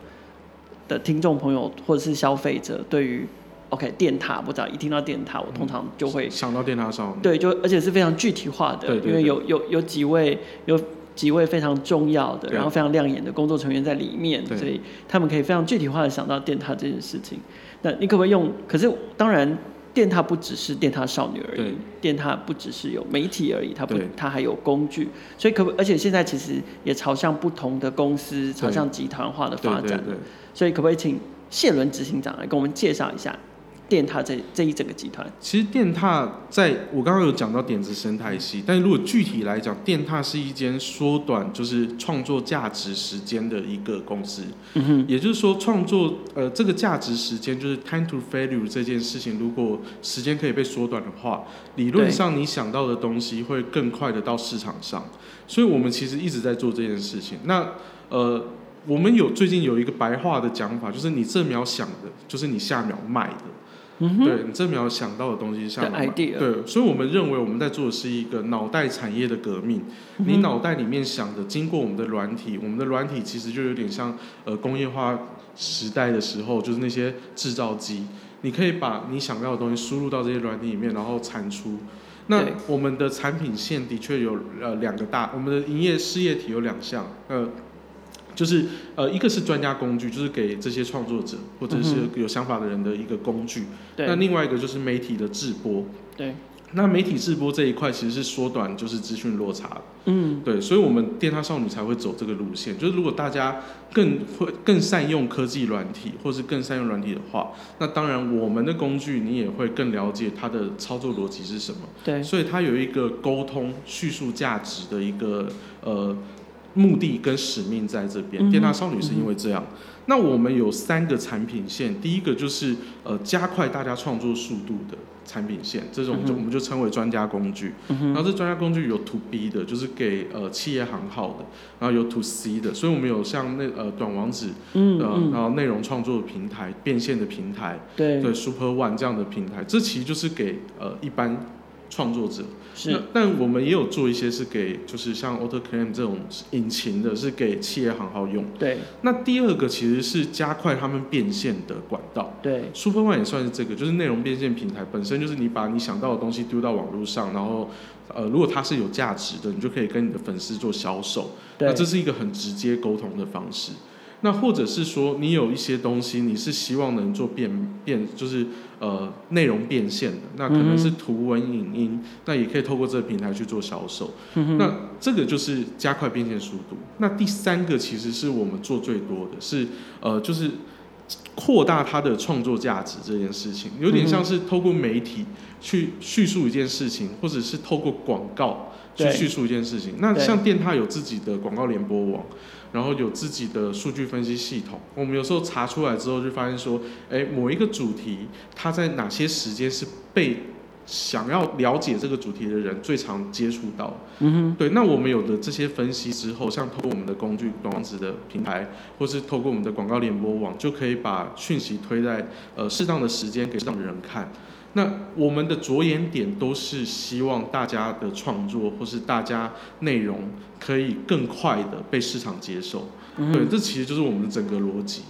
的聽眾朋友或者是消費者對於，對於 OK 電獺，我知道，一聽到電獺，我通常就會、嗯、想到電獺少女。對，就而且是非常具體化的，對對對，因為有有有幾位有。幾位非常重要的，然後非常亮眼的工作成員在裡面，所以他們可以非常具體化的想到電獺這件事情。那你可不可以用？可是當然，電獺不只是電獺少女而已，電獺不只是有媒體而已，它不，它還有工具。所以可不，而且現在其實也朝向不同的公司，朝向集團化的發展對對對。所以可不可以請謝綸執行長來跟我們介紹一下？電獺這這一整個集團，其實電獺在我剛剛有講到點子生態系，但是如果具體來講，電獺是一間縮短就是創作價值時間的一個公司。嗯哼，也就是說，創作呃這個價值時間就是 time to value 這件事情，如果時間可以被縮短的話，理論上你想到的東西會更快的到市場上。所以我們其實一直在做這件事情。那呃，我們有最近有一個白話的講法，就是你這秒想的、嗯，就是你下秒賣的。Mm -hmm. 對，你這秒想到的東西是，像對，所以我們認為我們在做的是一個腦袋產業的革命。Mm -hmm. 你腦袋裡面想的，經過我們的軟體，我們的軟體其實就有點像呃工業化時代的時候，就是那些制造機。你可以把你想要的東西輸入到這些軟體裡面，然後產出。那我們的產品線的確有呃兩個大，我們的營業事業體有兩項呃。就是呃，一個是專家工具，就是給這些創作者或者是有，、嗯、有想法的人的一個工具。對。那另外一個就是媒體的直播。對。那媒體直播這一塊其實是縮短就是資訊落差。嗯。對，所以，我們電獺少女才會走這個路線。就是如果大家更會更善用科技軟體，或是更善用軟體的話，那當然我們的工具你也會更了解它的操作邏輯是什麼。對。所以它有一個溝通敘述價值的一個呃。目的跟使命在這邊，電獺少女是因為這樣，嗯嗯。那我們有三個產品線，第一個就是呃加快大家創作速度的產品線，這種、嗯、我們就稱為專家工具。嗯、然後這專家工具有 to B 的，就是給呃企業行號的，然後有 to C 的，所以我們有像那呃短網址，呃、嗯、嗯，然後內容創作的平台、變現的平台，對，對，Super One 這樣的平台，這其實就是給呃一般。創作者是那，但我們也有做一些是給，就是像 Auto Clam 這種引擎的，是給企業行號用。對，那第二個其實是加快他們變現的管道。對，Super One 也算是這個，就是內容變現平台本身，就是你把你想到的東西丟到網絡上，然後，呃，如果它是有價值的，你就可以跟你的粉絲做銷售。對，那這是一個很直接溝通的方式。那或者是說，你有一些東西，你是希望能做變變，就是呃內容變現的，那可能是圖文影音，嗯、那也可以透過這個平台去做銷售，嗯。那這個就是加快變現速度。那第三個其實是我們做最多的是呃，就是擴大它的創作價值這件事情，有點像是透過媒體去敘述一件事情，嗯、或者是透過廣告去敘述一件事情。那像電獺有自己的廣告聯播網。然後有自己的數據分析系統，我們有時候查出來之後就發現說，誒某一個主題，它在哪些時間是被想要了解這個主題的人最常接觸到。嗯哼，對，那我們有的這些分析之後，像通過我們的工具短網址的平台，或是透過我們的廣告聯播網，就可以把訊息推在呃適當的時間給適當的人看。那我們的着眼點都是希望大家的創作或是大家內容可以更快的被市場接受。嗯，對，這其實就是我們的整個邏輯。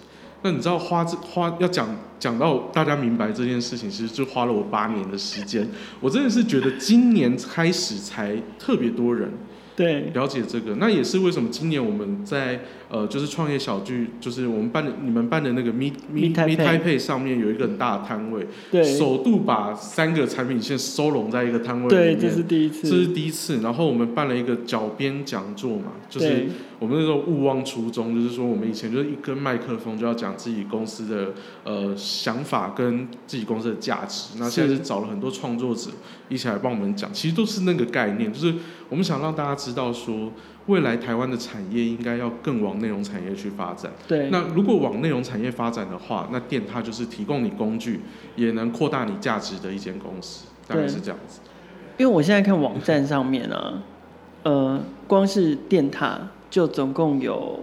那你知道花這花要講講到大家明白這件事情，其實就花了我八年的時間。我真的是覺得今年開始才特別多人。對，了解這個，那也是為什麼今年我們在呃，就是創業小聚，就是我們辦的、你們辦的那個 Meet Meet Meet Taipei 上面有一個很大的攤位，對，首度把三個產品線收攏在一個攤位裡面，對，這是第一次，這是第一次。然後我們辦了一個腳邊講座嘛，就是。我們那時候勿忘初衷，就是說，我們以前就是一根麥克風就要講自己公司的呃想法跟自己公司的價值。那現在是找了很多創作者一起來幫我們講，其實都是那個概念，就是我們想讓大家知道說，未來台灣的產業應該要更往內容產業去發展。對。那如果往內容產業發展的話，那電獺就是提供你工具，也能擴大你價值的一間公司，大概是這樣子。因為我現在看網站上面啊， <laughs> 呃，光是電獺。就總共有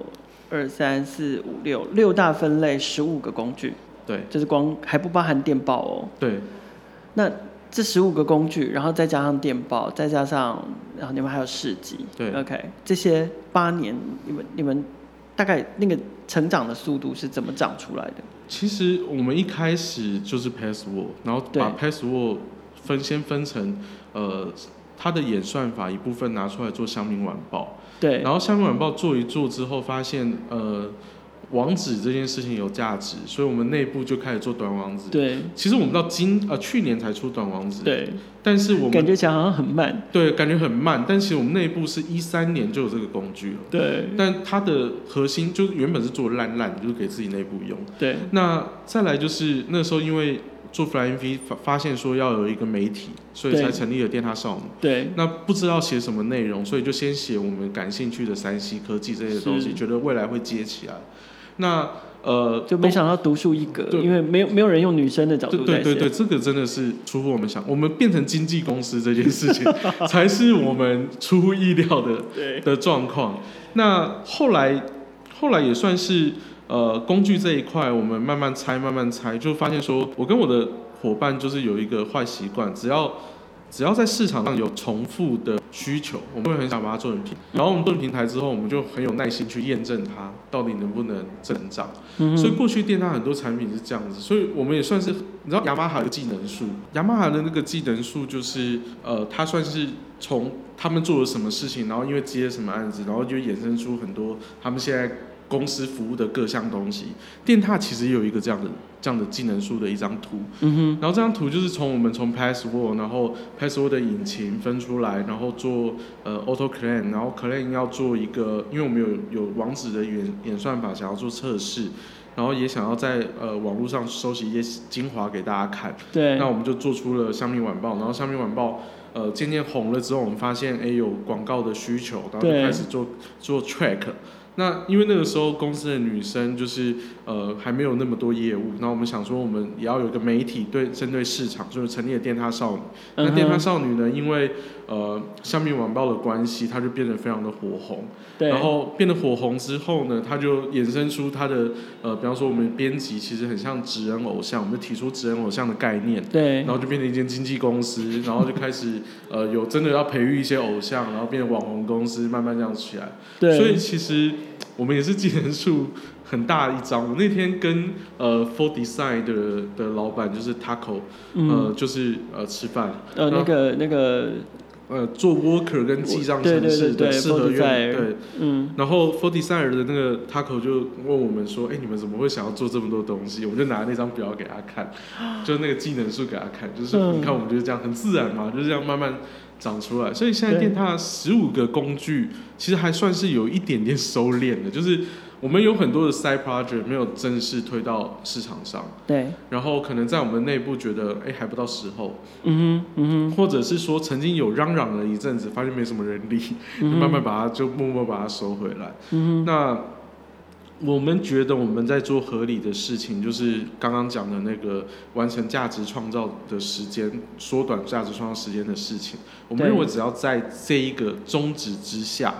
二三四五六六大分類，十五個工具，對，就是光還不包含電獺哦。對，那這十五個工具，然後再加上電獺，再加上然後你們還有市集對，OK，這些八年你們你們大概那個成長的速度是怎麼長出來的？其實我們一開始就是 password，然後把 password 分先分成呃它的演算法一部分拿出來做《鄉民晚報》。對，然後香港晚報做一做之後，發現、嗯、呃，網址這件事情有價值，所以我們內部就開始做短網址。對，其實我們到今呃去年才出短網址。對，但是我們感覺起來好像很慢。對，感覺很慢，但其實我們內部是一三年就有這個工具了。對，但它的核心就是原本是做爛爛，就是給自己內部用。對，那再來就是那時候因為。做 FlyingV 發發現說要有一個媒體，所以才成立了電獺少女。對，那不知道寫什麼內容，所以就先寫我們感興趣的 3C 科技這些東西，覺得未來會接起來。那呃，就沒想到獨樹一格，因為沒有沒有人用女生的角度對對對，對，對，這個真的是出乎我們想，我們變成經紀公司這件事情 <laughs> 才是我們出乎意料的的狀況。那後來後來也算是。呃，工具這一塊，我們慢慢拆，慢慢拆，就發現說，我跟我的夥伴就是有一個壞習慣，只要只要在市場上有重復的需求，我們會很想把它做成平。然後我們做成平台之後，我們就很有耐心去驗證它到底能不能增長。嗯、所以過去電獺很多產品是這樣子，所以我們也算是，你知道，雅馬哈的技能樹，雅馬哈的那個技能樹就是，呃，它算是從他們做了什麼事情，然後因為接了什麼案子，然後就衍生出很多他們現在。公司服務的各項東西，電獺其實也有一個這樣的這樣的技能樹的一張圖，嗯哼，然後這張圖就是從我們從 password 然後 password 的引擎分出來，然後做呃 auto clean，然後 clean 要做一個，因為我們有有網址的演演算法，想要做測試，然後也想要在呃網絡上收集一些精華給大家看。對，那我們就做出了鄉民晚報，然後鄉民晚報呃漸漸紅了之後，我們發現誒、欸、有廣告的需求，然後就開始做做 track。那因為那個時候公司的女生就是。呃，還沒有那麼多業務，然後我們想說，我們也要有一個媒體對針對市場，就是成立了電獺少女。那、嗯、電獺少女呢，因為呃，鄉民晚報的關係，她就變得非常的火紅。然後變得火紅之後呢，她就衍生出她的呃，比方說我們編輯其實很像職人偶像，我們就提出職人偶像的概念。對。然後就變成一間經紀公司，然後就開始 <laughs> 呃，有真的要培育一些偶像，然後變成網紅公司，慢慢這樣起來。對。所以其實。我們也是技能樹很大一張。我那天跟呃 for Design 的的老闆就是 Taco、嗯、呃，就是呃吃飯，呃那個、呃呃、那個。那個呃，做 worker 跟記賬程序都適合用。對，對，嗯、然後 Forty e 爾的那個 Taco 就問我們說：“哎，你們怎麼會想要做這麼多東西？”我們就拿那張表給他看，就那個技能書給他看，就是、嗯、你看我們就是這樣很自然嘛、嗯，就是這樣慢慢長出來。所以現在電塔十五個工具，其實還算是有一點點收斂的，就是。我們有很多的 side project 沒有正式推到市場上，對。然後可能在我們內部覺得，哎，還不到時候。嗯哼，嗯哼。或者是說曾經有嚷嚷了一陣子，發現沒什麼人理，嗯、就慢慢把它就默默把它收回來。嗯，那我們覺得我們在做合理的事情，就是剛剛講的那個完成價值創造的時間，縮短價值創造時間的事情。我們認為只要在這一個宗旨之下。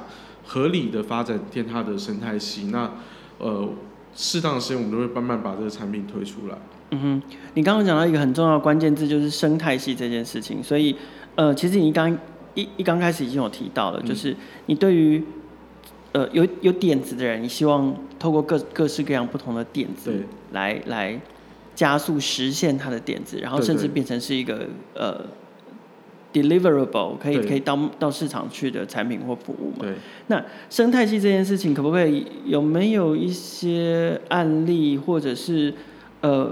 合理的發展電獺的生態系，那呃，適當的時間我們都會慢慢把這個產品推出來。嗯哼，你剛剛講到一個很重要的關鍵字，就是生態系這件事情。所以呃，其實你剛一一剛開始已經有提到了，嗯、就是你對於呃有有點子的人，你希望透過各各式各樣不同的點子來對來加速實現他的點子，然後甚至變成是一個對對對呃。deliverable 可以可以到到市場去的產品或服務嘛？對。那生態系這件事情，可不可以有沒有一些案例，或者是呃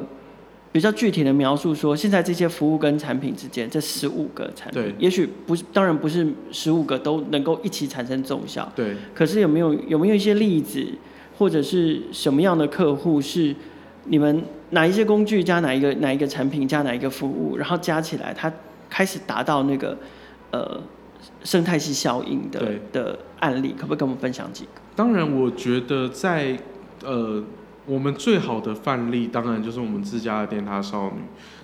比較具體的描述，說現在這些服務跟產品之間，這十五個產品，也許不當然不是十五個都能夠一起產生綜效。對。可是有沒有有沒有一些例子，或者是什麼樣的客戶是你們哪一些工具加哪一個哪一個產品加哪一個服務，然後加起來它開始達到那個，呃，生態系效應的的案例，可不可以跟我們分享幾個？當然，我覺得在呃，我們最好的範例當然就是我們自家的電獺少女。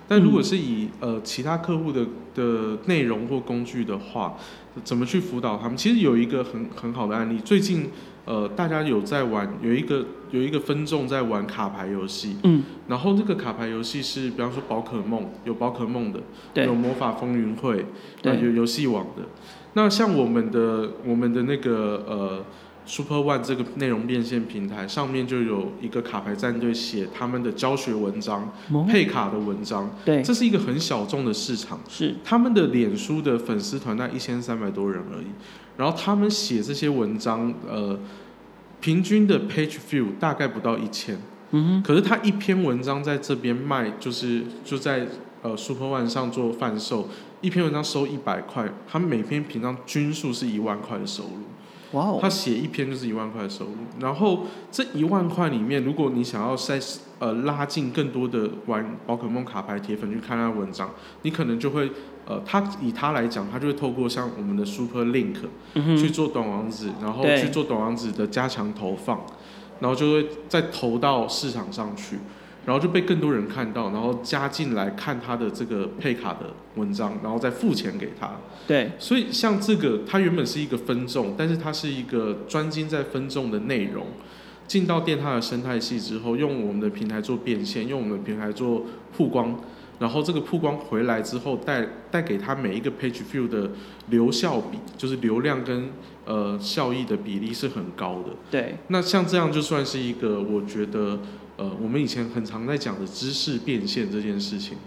但如果是以、嗯、呃其他客戶的的內容或工具的話，怎麼去輔導他們？其實有一個很很好的案例，最近。呃，大家有在玩，有一個有一個分眾在玩卡牌遊戲，嗯，然後那個卡牌遊戲是，比方說寶可夢有寶可夢的，對，有魔法風雲會，對，有遊戲王的。那像我們的我們的那個呃 Super One 這個內容變現平台上面就有一個卡牌戰隊寫他們的教學文章萌萌、配卡的文章，對，這是一個很小眾的市場，是他們的臉書的粉絲團那一千三百多人而已。然後他們寫這些文章，呃，平均的 page view 大概不到一千，嗯哼，可是他一篇文章在這邊賣，就是就在呃 Super One 上做販售，一篇文章收一百塊，他們每篇平常均數是一萬塊的收入。Wow，他寫一篇就是一萬塊收入，然後這一萬塊裡面，如果你想要塞呃拉近更多的玩寶可夢卡牌鐵粉去看他的文章，你可能就會呃，他以他來講，他就會透過像我們的 Super Link 去做短網址，然後去做短網址的加強投放，然後就會再投到市場上去。然後就被更多人看到，然後加進來看他的這個配卡的文章，然後再付錢給他。對，所以像這個，它原本是一個分眾，但是它是一個專精在分眾的內容。進到電獺的生態系之後，用我們的平台做變現，用我們的平台做曝光，然後這個曝光回來之後帶，帶帶給他每一個 page view 的流效比，就是流量跟呃效益的比例是很高的。對，那像這樣就算是一個，我覺得。呃，我們以前很常在講的知識變現這件事情，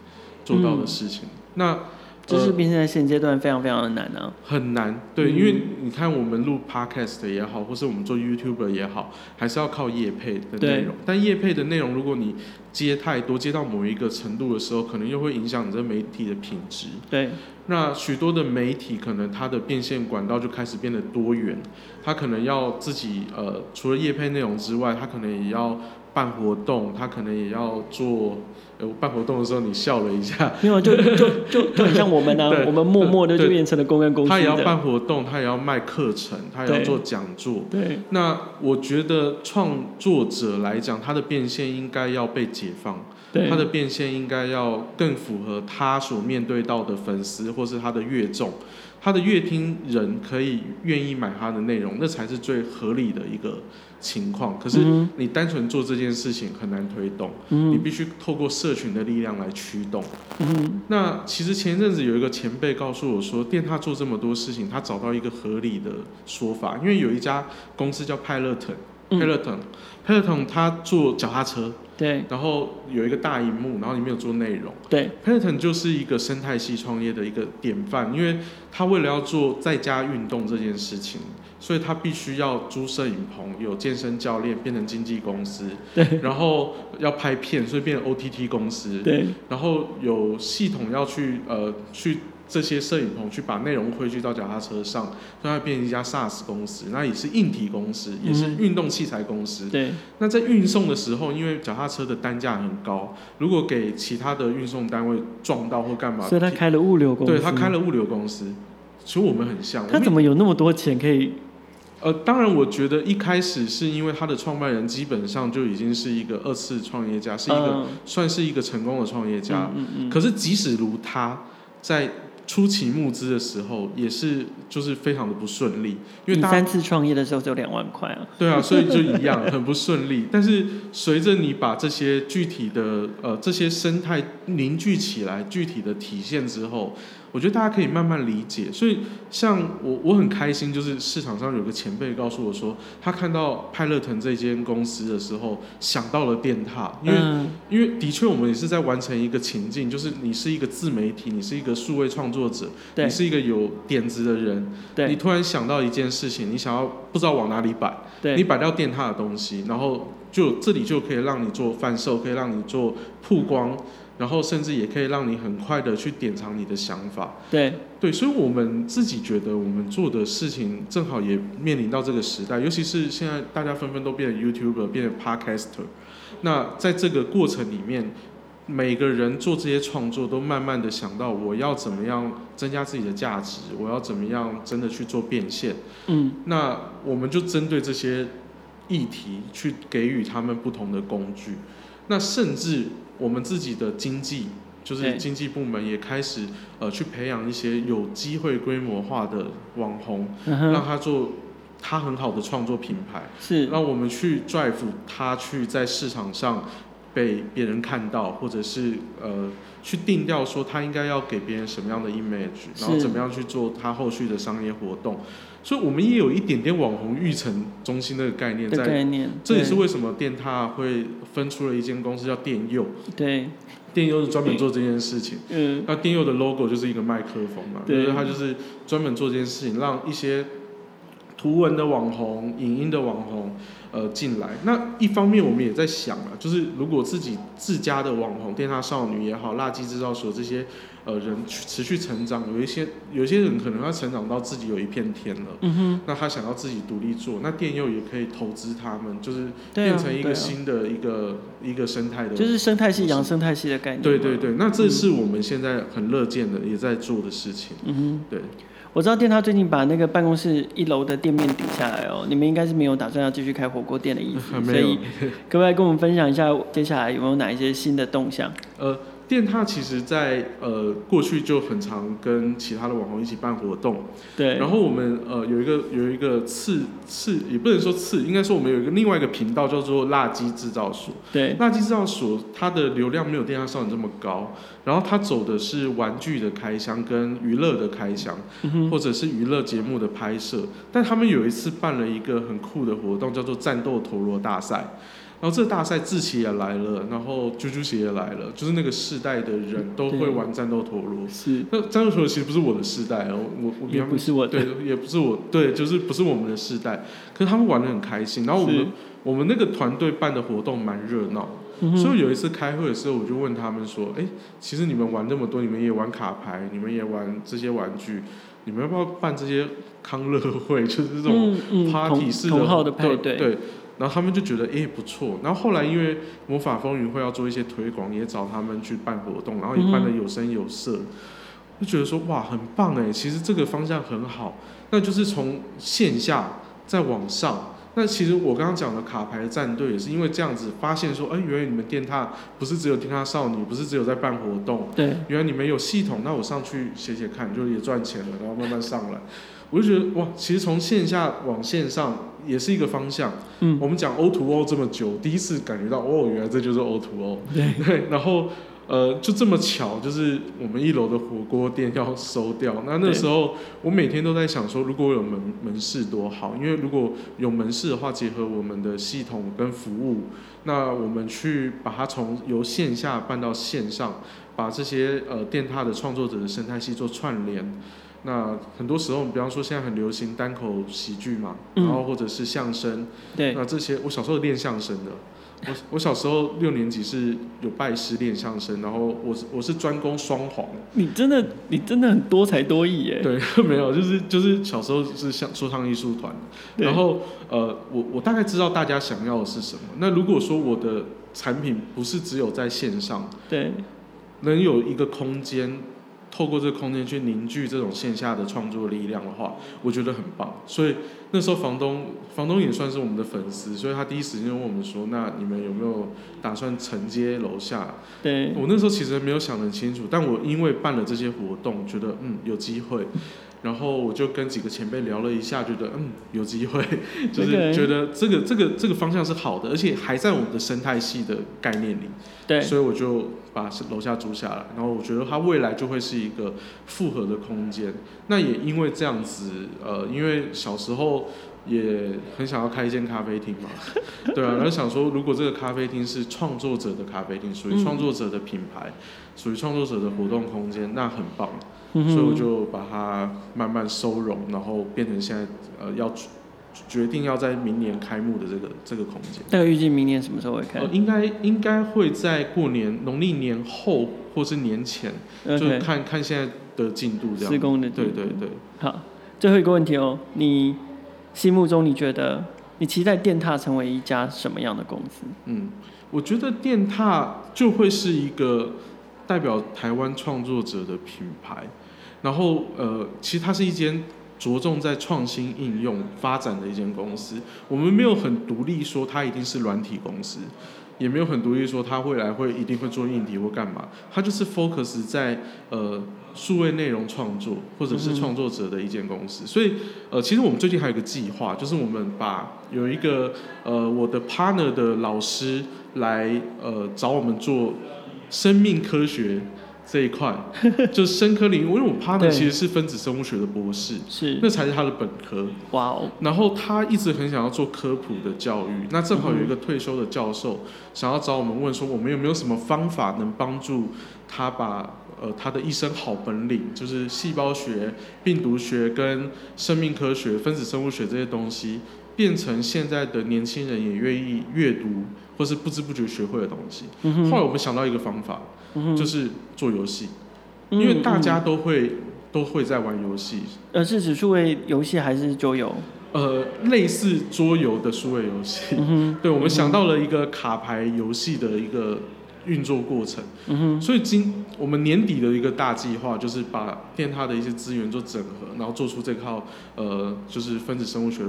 做到的事情，嗯、那、呃、知識變現在現階段非常非常的難呢、啊，很難。對、嗯，因為你看我們錄 podcast 也好，或是我們做 YouTuber 也好，還是要靠業配的內容。但業配的內容，如果你接太多，接到某一個程度的時候，可能又會影響你這媒體的品質。對。那許多的媒體可能它的變現管道就開始變得多元，它可能要自己呃，除了業配內容之外，它可能也要。辦活動，他可能也要做。呃，辦活動的時候，你笑了一下。沒有，就就就就很像我們啊， <laughs> 我們默默的就變成了公關公司。他也要辦活動，他也要賣課程，他也要做講座。對。對，那我覺得創作者來講、嗯，他的變現應該要被解放，對他的變現應該要更符合他所面對到的粉絲，或是他的閱眾，他的閱聽人可以願意買他的內容，那才是最合理的一個情況，可是你單純做這件事情很難推動，嗯，你必須透過社群的力量來驅動。嗯。那其實前一陣子有一個前輩告訴我說，電獺做這麼多事情，他找到一個合理的說法，因為有一家公司叫派樂騰。Peloton，Peloton、嗯、Peloton 他做腳踏車，對，然後有一個大螢幕，然後裡面有做內容，對。Peloton 就是一個生態系創業的一個典範，因為他為了要做在家運動這件事情，所以他必須要租攝影棚，有健身教練，變成經紀公司，對，然後要拍片，所以變成 OTT 公司，對，然後有系統要去呃去。這些攝影棚去把內容匯聚到腳踏車上，讓它變成一家 SaaS 公司，那也是硬體公司，嗯、也是運動器材公司。對，那在運送的時候，因為腳踏車的單價很高，如果給其他的運送單位撞到或幹嘛，所以他開了物流公司。對，他開了物流公司，嗯，其實我們很像。他怎麼有那麼多錢可以？呃，當然，我覺得一開始是因為他的創辦人基本上就已經是一個二次創業家，是一個、嗯、算是一個成功的創業家。嗯嗯，嗯。可是即使如他，在初期募資的時候也是就是非常的不順利，因為你三次創業的時候就兩萬塊啊。對啊，所以就一樣很不順利。 <laughs> 但是隨着你把這些具體的呃這些生態凝聚起來，具體的體現之後。我覺得大家可以慢慢理解，所以像我我很開心，就是市場上有個前輩告訴我說，他看到派樂騰這間公司的時候，想到了電獺，因為、嗯、因為的確我們也是在完成一個情境，就是你是一個自媒體，你是一個數位創作者，你是一個有點子的人，你突然想到一件事情，你想要不知道往哪裡擺，你擺到電獺的東西，然後就這裡就可以讓你做販售，可以讓你做曝光。然後甚至也可以讓你很快的去典藏你的想法對，對對，所以我們自己覺得我們做的事情正好也面臨到這個時代，尤其是現在大家紛紛都變成 YouTuber，變成 Podcaster，那在這個過程裡面，每個人做這些創作都慢慢的想到我要怎麼樣增加自己的價值，我要怎麼樣真的去做變現，嗯，那我們就針對這些議題去給予他們不同的工具，那甚至。我們自己的經紀就是經紀部門也開始、欸、呃去培養一些有機會規模化的網紅，嗯、讓他做他很好的創作品牌，是讓我們去 drive 他去在市場上被別人看到，或者是呃去定調說他應該要給別人什麼樣的 image，然後怎麼樣去做他後續的商業活動。所以我們也有一點點網紅育成中心的概念，在這也是為什麼電獺會分出了一間公司叫電佑。對，電佑是專門做這件事情。嗯，那電佑的 logo 就是一個麥克風嘛，對，他就是專門做這件事情，讓一些圖文的網紅、影音的網紅。呃，進來那一方面，我們也在想啊、嗯，就是如果自己自家的網紅、嗯、電獺少女也好，垃圾製造所這些，呃，人持續成長，有一些有一些人可能他成長到自己有一片天了，嗯哼，那他想要自己獨立做，那電獺也可以投資他們，就是變成一個新的一個、嗯、一個生態的，就是生態系養生態系的概念，對對對，那這是我們現在很樂見的、嗯，也在做的事情，嗯哼，對。我知道電獺最近把那個辦公室一樓的店面頂下來哦，你們應該是沒有打算要繼續開火鍋店的意思，所以，可不可以跟我們分享一下接下來有沒有哪一些新的動向？呃電獺其實在，在呃，過去就很常跟其他的網紅一起辦活動。對。然後我們呃有一個有一個次次也不能說次，應該說我們有一個另外一個頻道叫做“垃圾製造所”。對。垃圾製造所，它的流量沒有電獺少女這麼高。然後他走的是玩具的開箱跟娛樂的開箱，嗯，或者是娛樂節目的拍攝。但他們有一次辦了一個很酷的活動，叫做“戰鬥陀螺大賽”。然後這大賽志奇也來了，然後啾啾鞋也來了，就是那個世代的人都會玩戰鬥陀螺。是，那戰鬥陀螺其實不是我的世代，我，我也不是，我對，也不是，我對，就是不是我們的世代。可是他們玩得很開心。然後我們我們那個團隊辦的活動蠻熱鬧，所以有一次開會的時候，我就問他們說：“哎、嗯，其實你們玩那麼多，你們也玩卡牌，你們也玩這些玩具，你們要不要辦這些康樂會？就是這種 party 式的、嗯嗯、同好的派對？”對。對然後他們就覺得，誒，不錯。然後後來因為魔法風雲會要做一些推廣，也找他們去辦活動，然後也辦得有聲有色、嗯。就覺得說，哇，很棒誒，其實這個方向很好。那就是從線下再往上，那其實我剛剛講的卡牌戰隊也是因為這樣子，發現說，誒，原來你們電獺不是只有電獺少女，不是只有在辦活動，對，原來你們有系統，那我上去寫寫看，就也賺錢了，然後慢慢上來。我就覺得，哇，其實從線下往線上。也是一個方向。嗯。我們講 O2O 這麼久，第一次感覺到哦，原來這就是 O2O。對。然後，呃，就這麼巧，就是我們一樓的火鍋店要收掉。那那時候，我每天都在想說，如果我有門門市多好，因為如果有門市的話，結合我們的系統跟服務，那我們去把它從由線下搬到線上，把這些呃電獺的創作者的生態系做串聯。那很多時候，比方說現在很流行單口喜劇嘛，嗯，然後或者是相聲，對，那這些我小時候練相聲的，我我小時候六年級是有拜師練相聲，然後我是我是專攻雙簧。你真的你真的很多才多藝耶！對，沒有，就是就是小時候是像說唱藝術團，然後呃，我我大概知道大家想要的是什麼。那如果說我的產品不是只有在線上，對，能有一個空間。透過這個空間去凝聚這種線下的創作力量的話，我覺得很棒。所以那時候房東，房東也算是我們的粉絲，所以他第一時間問我們說：“那你們有沒有打算承接樓下？”對。我那時候其實沒有想得很清楚，但我因為辦了這些活動，覺得嗯有機會。然後我就跟幾個前輩聊了一下，覺得嗯有機會，就是覺得這個這個、這個、這個方向是好的，而且還在我們的生態系的概念裡，對，所以我就把樓下租下來。然後我覺得它未來就會是一個複合的空間。那也因為這樣子，呃，因為小時候也很想要開一間咖啡廳嘛，對啊，然後想說如果這個咖啡廳是創作者的咖啡廳，屬於創作者的品牌，嗯、屬於創作者的活動空間，那很棒。所以我就把它慢慢收容，然後變成現在呃要決定要在明年開幕的這個這個空間。大概預計明年什麼時候會開？呃，應該應該會在過年農曆年後或是年前，Okay. 就看看現在的進度這樣。施工的進度。對對對。好，最後一個問題哦，你心目中你覺得你期待電獺成為一家什麼樣的公司？嗯，我覺得電獺就會是一個代表台灣創作者的品牌。然後呃，其實它是一間着重在創新應用發展的一間公司。我們沒有很獨立說它一定是軟體公司，也沒有很獨立說它未來會一定會做硬體或幹嘛。它就是 focus 在呃數位內容創作或者是創作者的一間公司。嗯、所以呃，其實我們最近還有一個計劃，就是我們把有一個呃我的 partner 的老師來呃找我們做生命科學。這一塊就是生科領域。 <laughs> 因為我 partner 其實是分子生物學的博士，是那才是他的本科。哇哦！然後他一直很想要做科普的教育，那正好有一個退休的教授，嗯、想要找我們問說，我們有沒有什麼方法能幫助他把呃他的一身好本領，就是細胞學、病毒學跟生命科學、分子生物學這些東西，變成現在的年輕人也願意閱讀，或是不知不覺學會的東西。嗯、後來我們想到一個方法，嗯、就是做遊戲、嗯，因為大家都會、嗯、都會在玩遊戲。呃，是指數位遊戲還是桌遊？呃，類似桌遊的數位遊戲、嗯。對，我們想到了一個卡牌遊戲的一個。運作過程，嗯、哼，所以今我們年底的一個大計劃就是把電獺的一些資源做整合，然後做出這套呃，就是分子生物學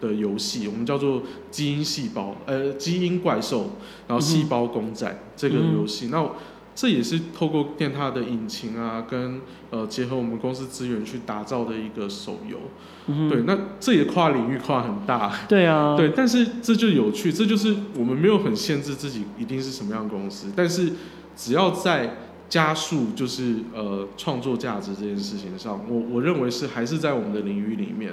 的遊戲，我們叫做基因細胞，呃，基因怪獸，然後細胞攻佔、嗯、這個遊戲、嗯。那這也是透過電獺的引擎啊，跟呃結合我們公司資源去打造的一個手遊、嗯，對，那這也跨領域跨很大，對啊，對，但是這就有趣，這就是我們沒有很限制自己一定是什麼樣的公司，但是只要在加速就是呃創作價值這件事情上，我我認為是還是在我們的領域裡面。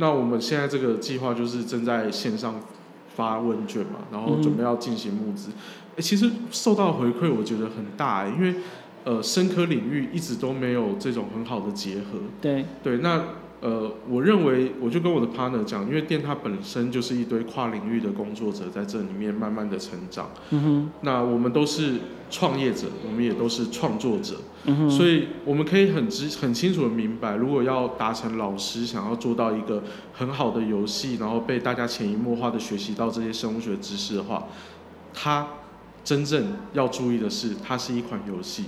那我們現在這個計劃就是正在線上發問卷嘛，然後準備要進行募資。嗯其實受到回饋，我覺得很大，因為呃，生科領域一直都沒有這種很好的結合。對對，那呃，我認為我就跟我的 partner 講，因為電獺本身就是一堆跨領域的工作者在這裡面慢慢的成長。嗯哼。那我們都是創業者，我們也都是創作者，嗯哼。所以我們可以很直很清楚的明白，如果要達成老師想要做到一個很好的遊戲，然後被大家潛移默化的學習到這些生物學知識的話，他，真正要注意的是，它是一款遊戲，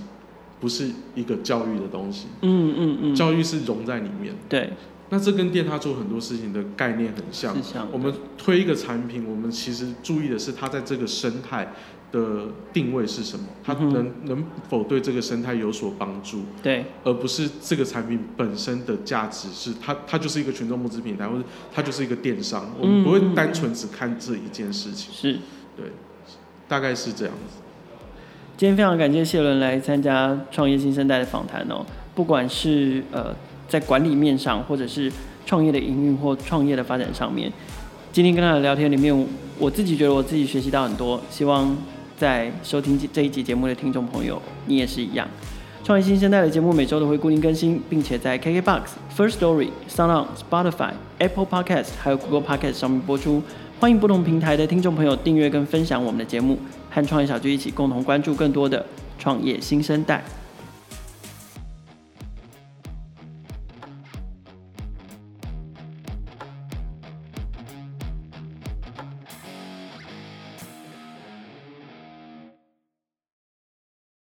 不是一個教育的東西。嗯嗯嗯。教育是融在裡面。對。那這跟電獺做很多事情的概念很像，像。我們推一個產品，我們其實注意的是，它在這個生態的定位是什麼？它能、嗯、能否對這個生態有所幫助？對。而不是這個產品本身的價值是，是它它就是一個群眾募資平台，或者它就是一個電商。我們不會單純只看這一件事情。嗯嗯是。對。大概是這樣子。今天非常感謝謝綸來參加創業新聲帶的訪談哦。不管是呃在管理面上，或者是創業的營運或創業的發展上面，今天跟他的聊天裡面，我自己覺得我自己學習到很多。希望在收聽這一集節目的聽眾朋友，你也是一樣。創業新聲帶的節目每周都會固定更新，並且在 KKBOX、First Story、Sound On、Spotify、Apple Podcasts，還有 Google Podcast 上面播出。歡迎不同平台的聽眾朋友訂閱跟分享我們的節目，和創業小聚一起共同關注更多的創業新聲帶。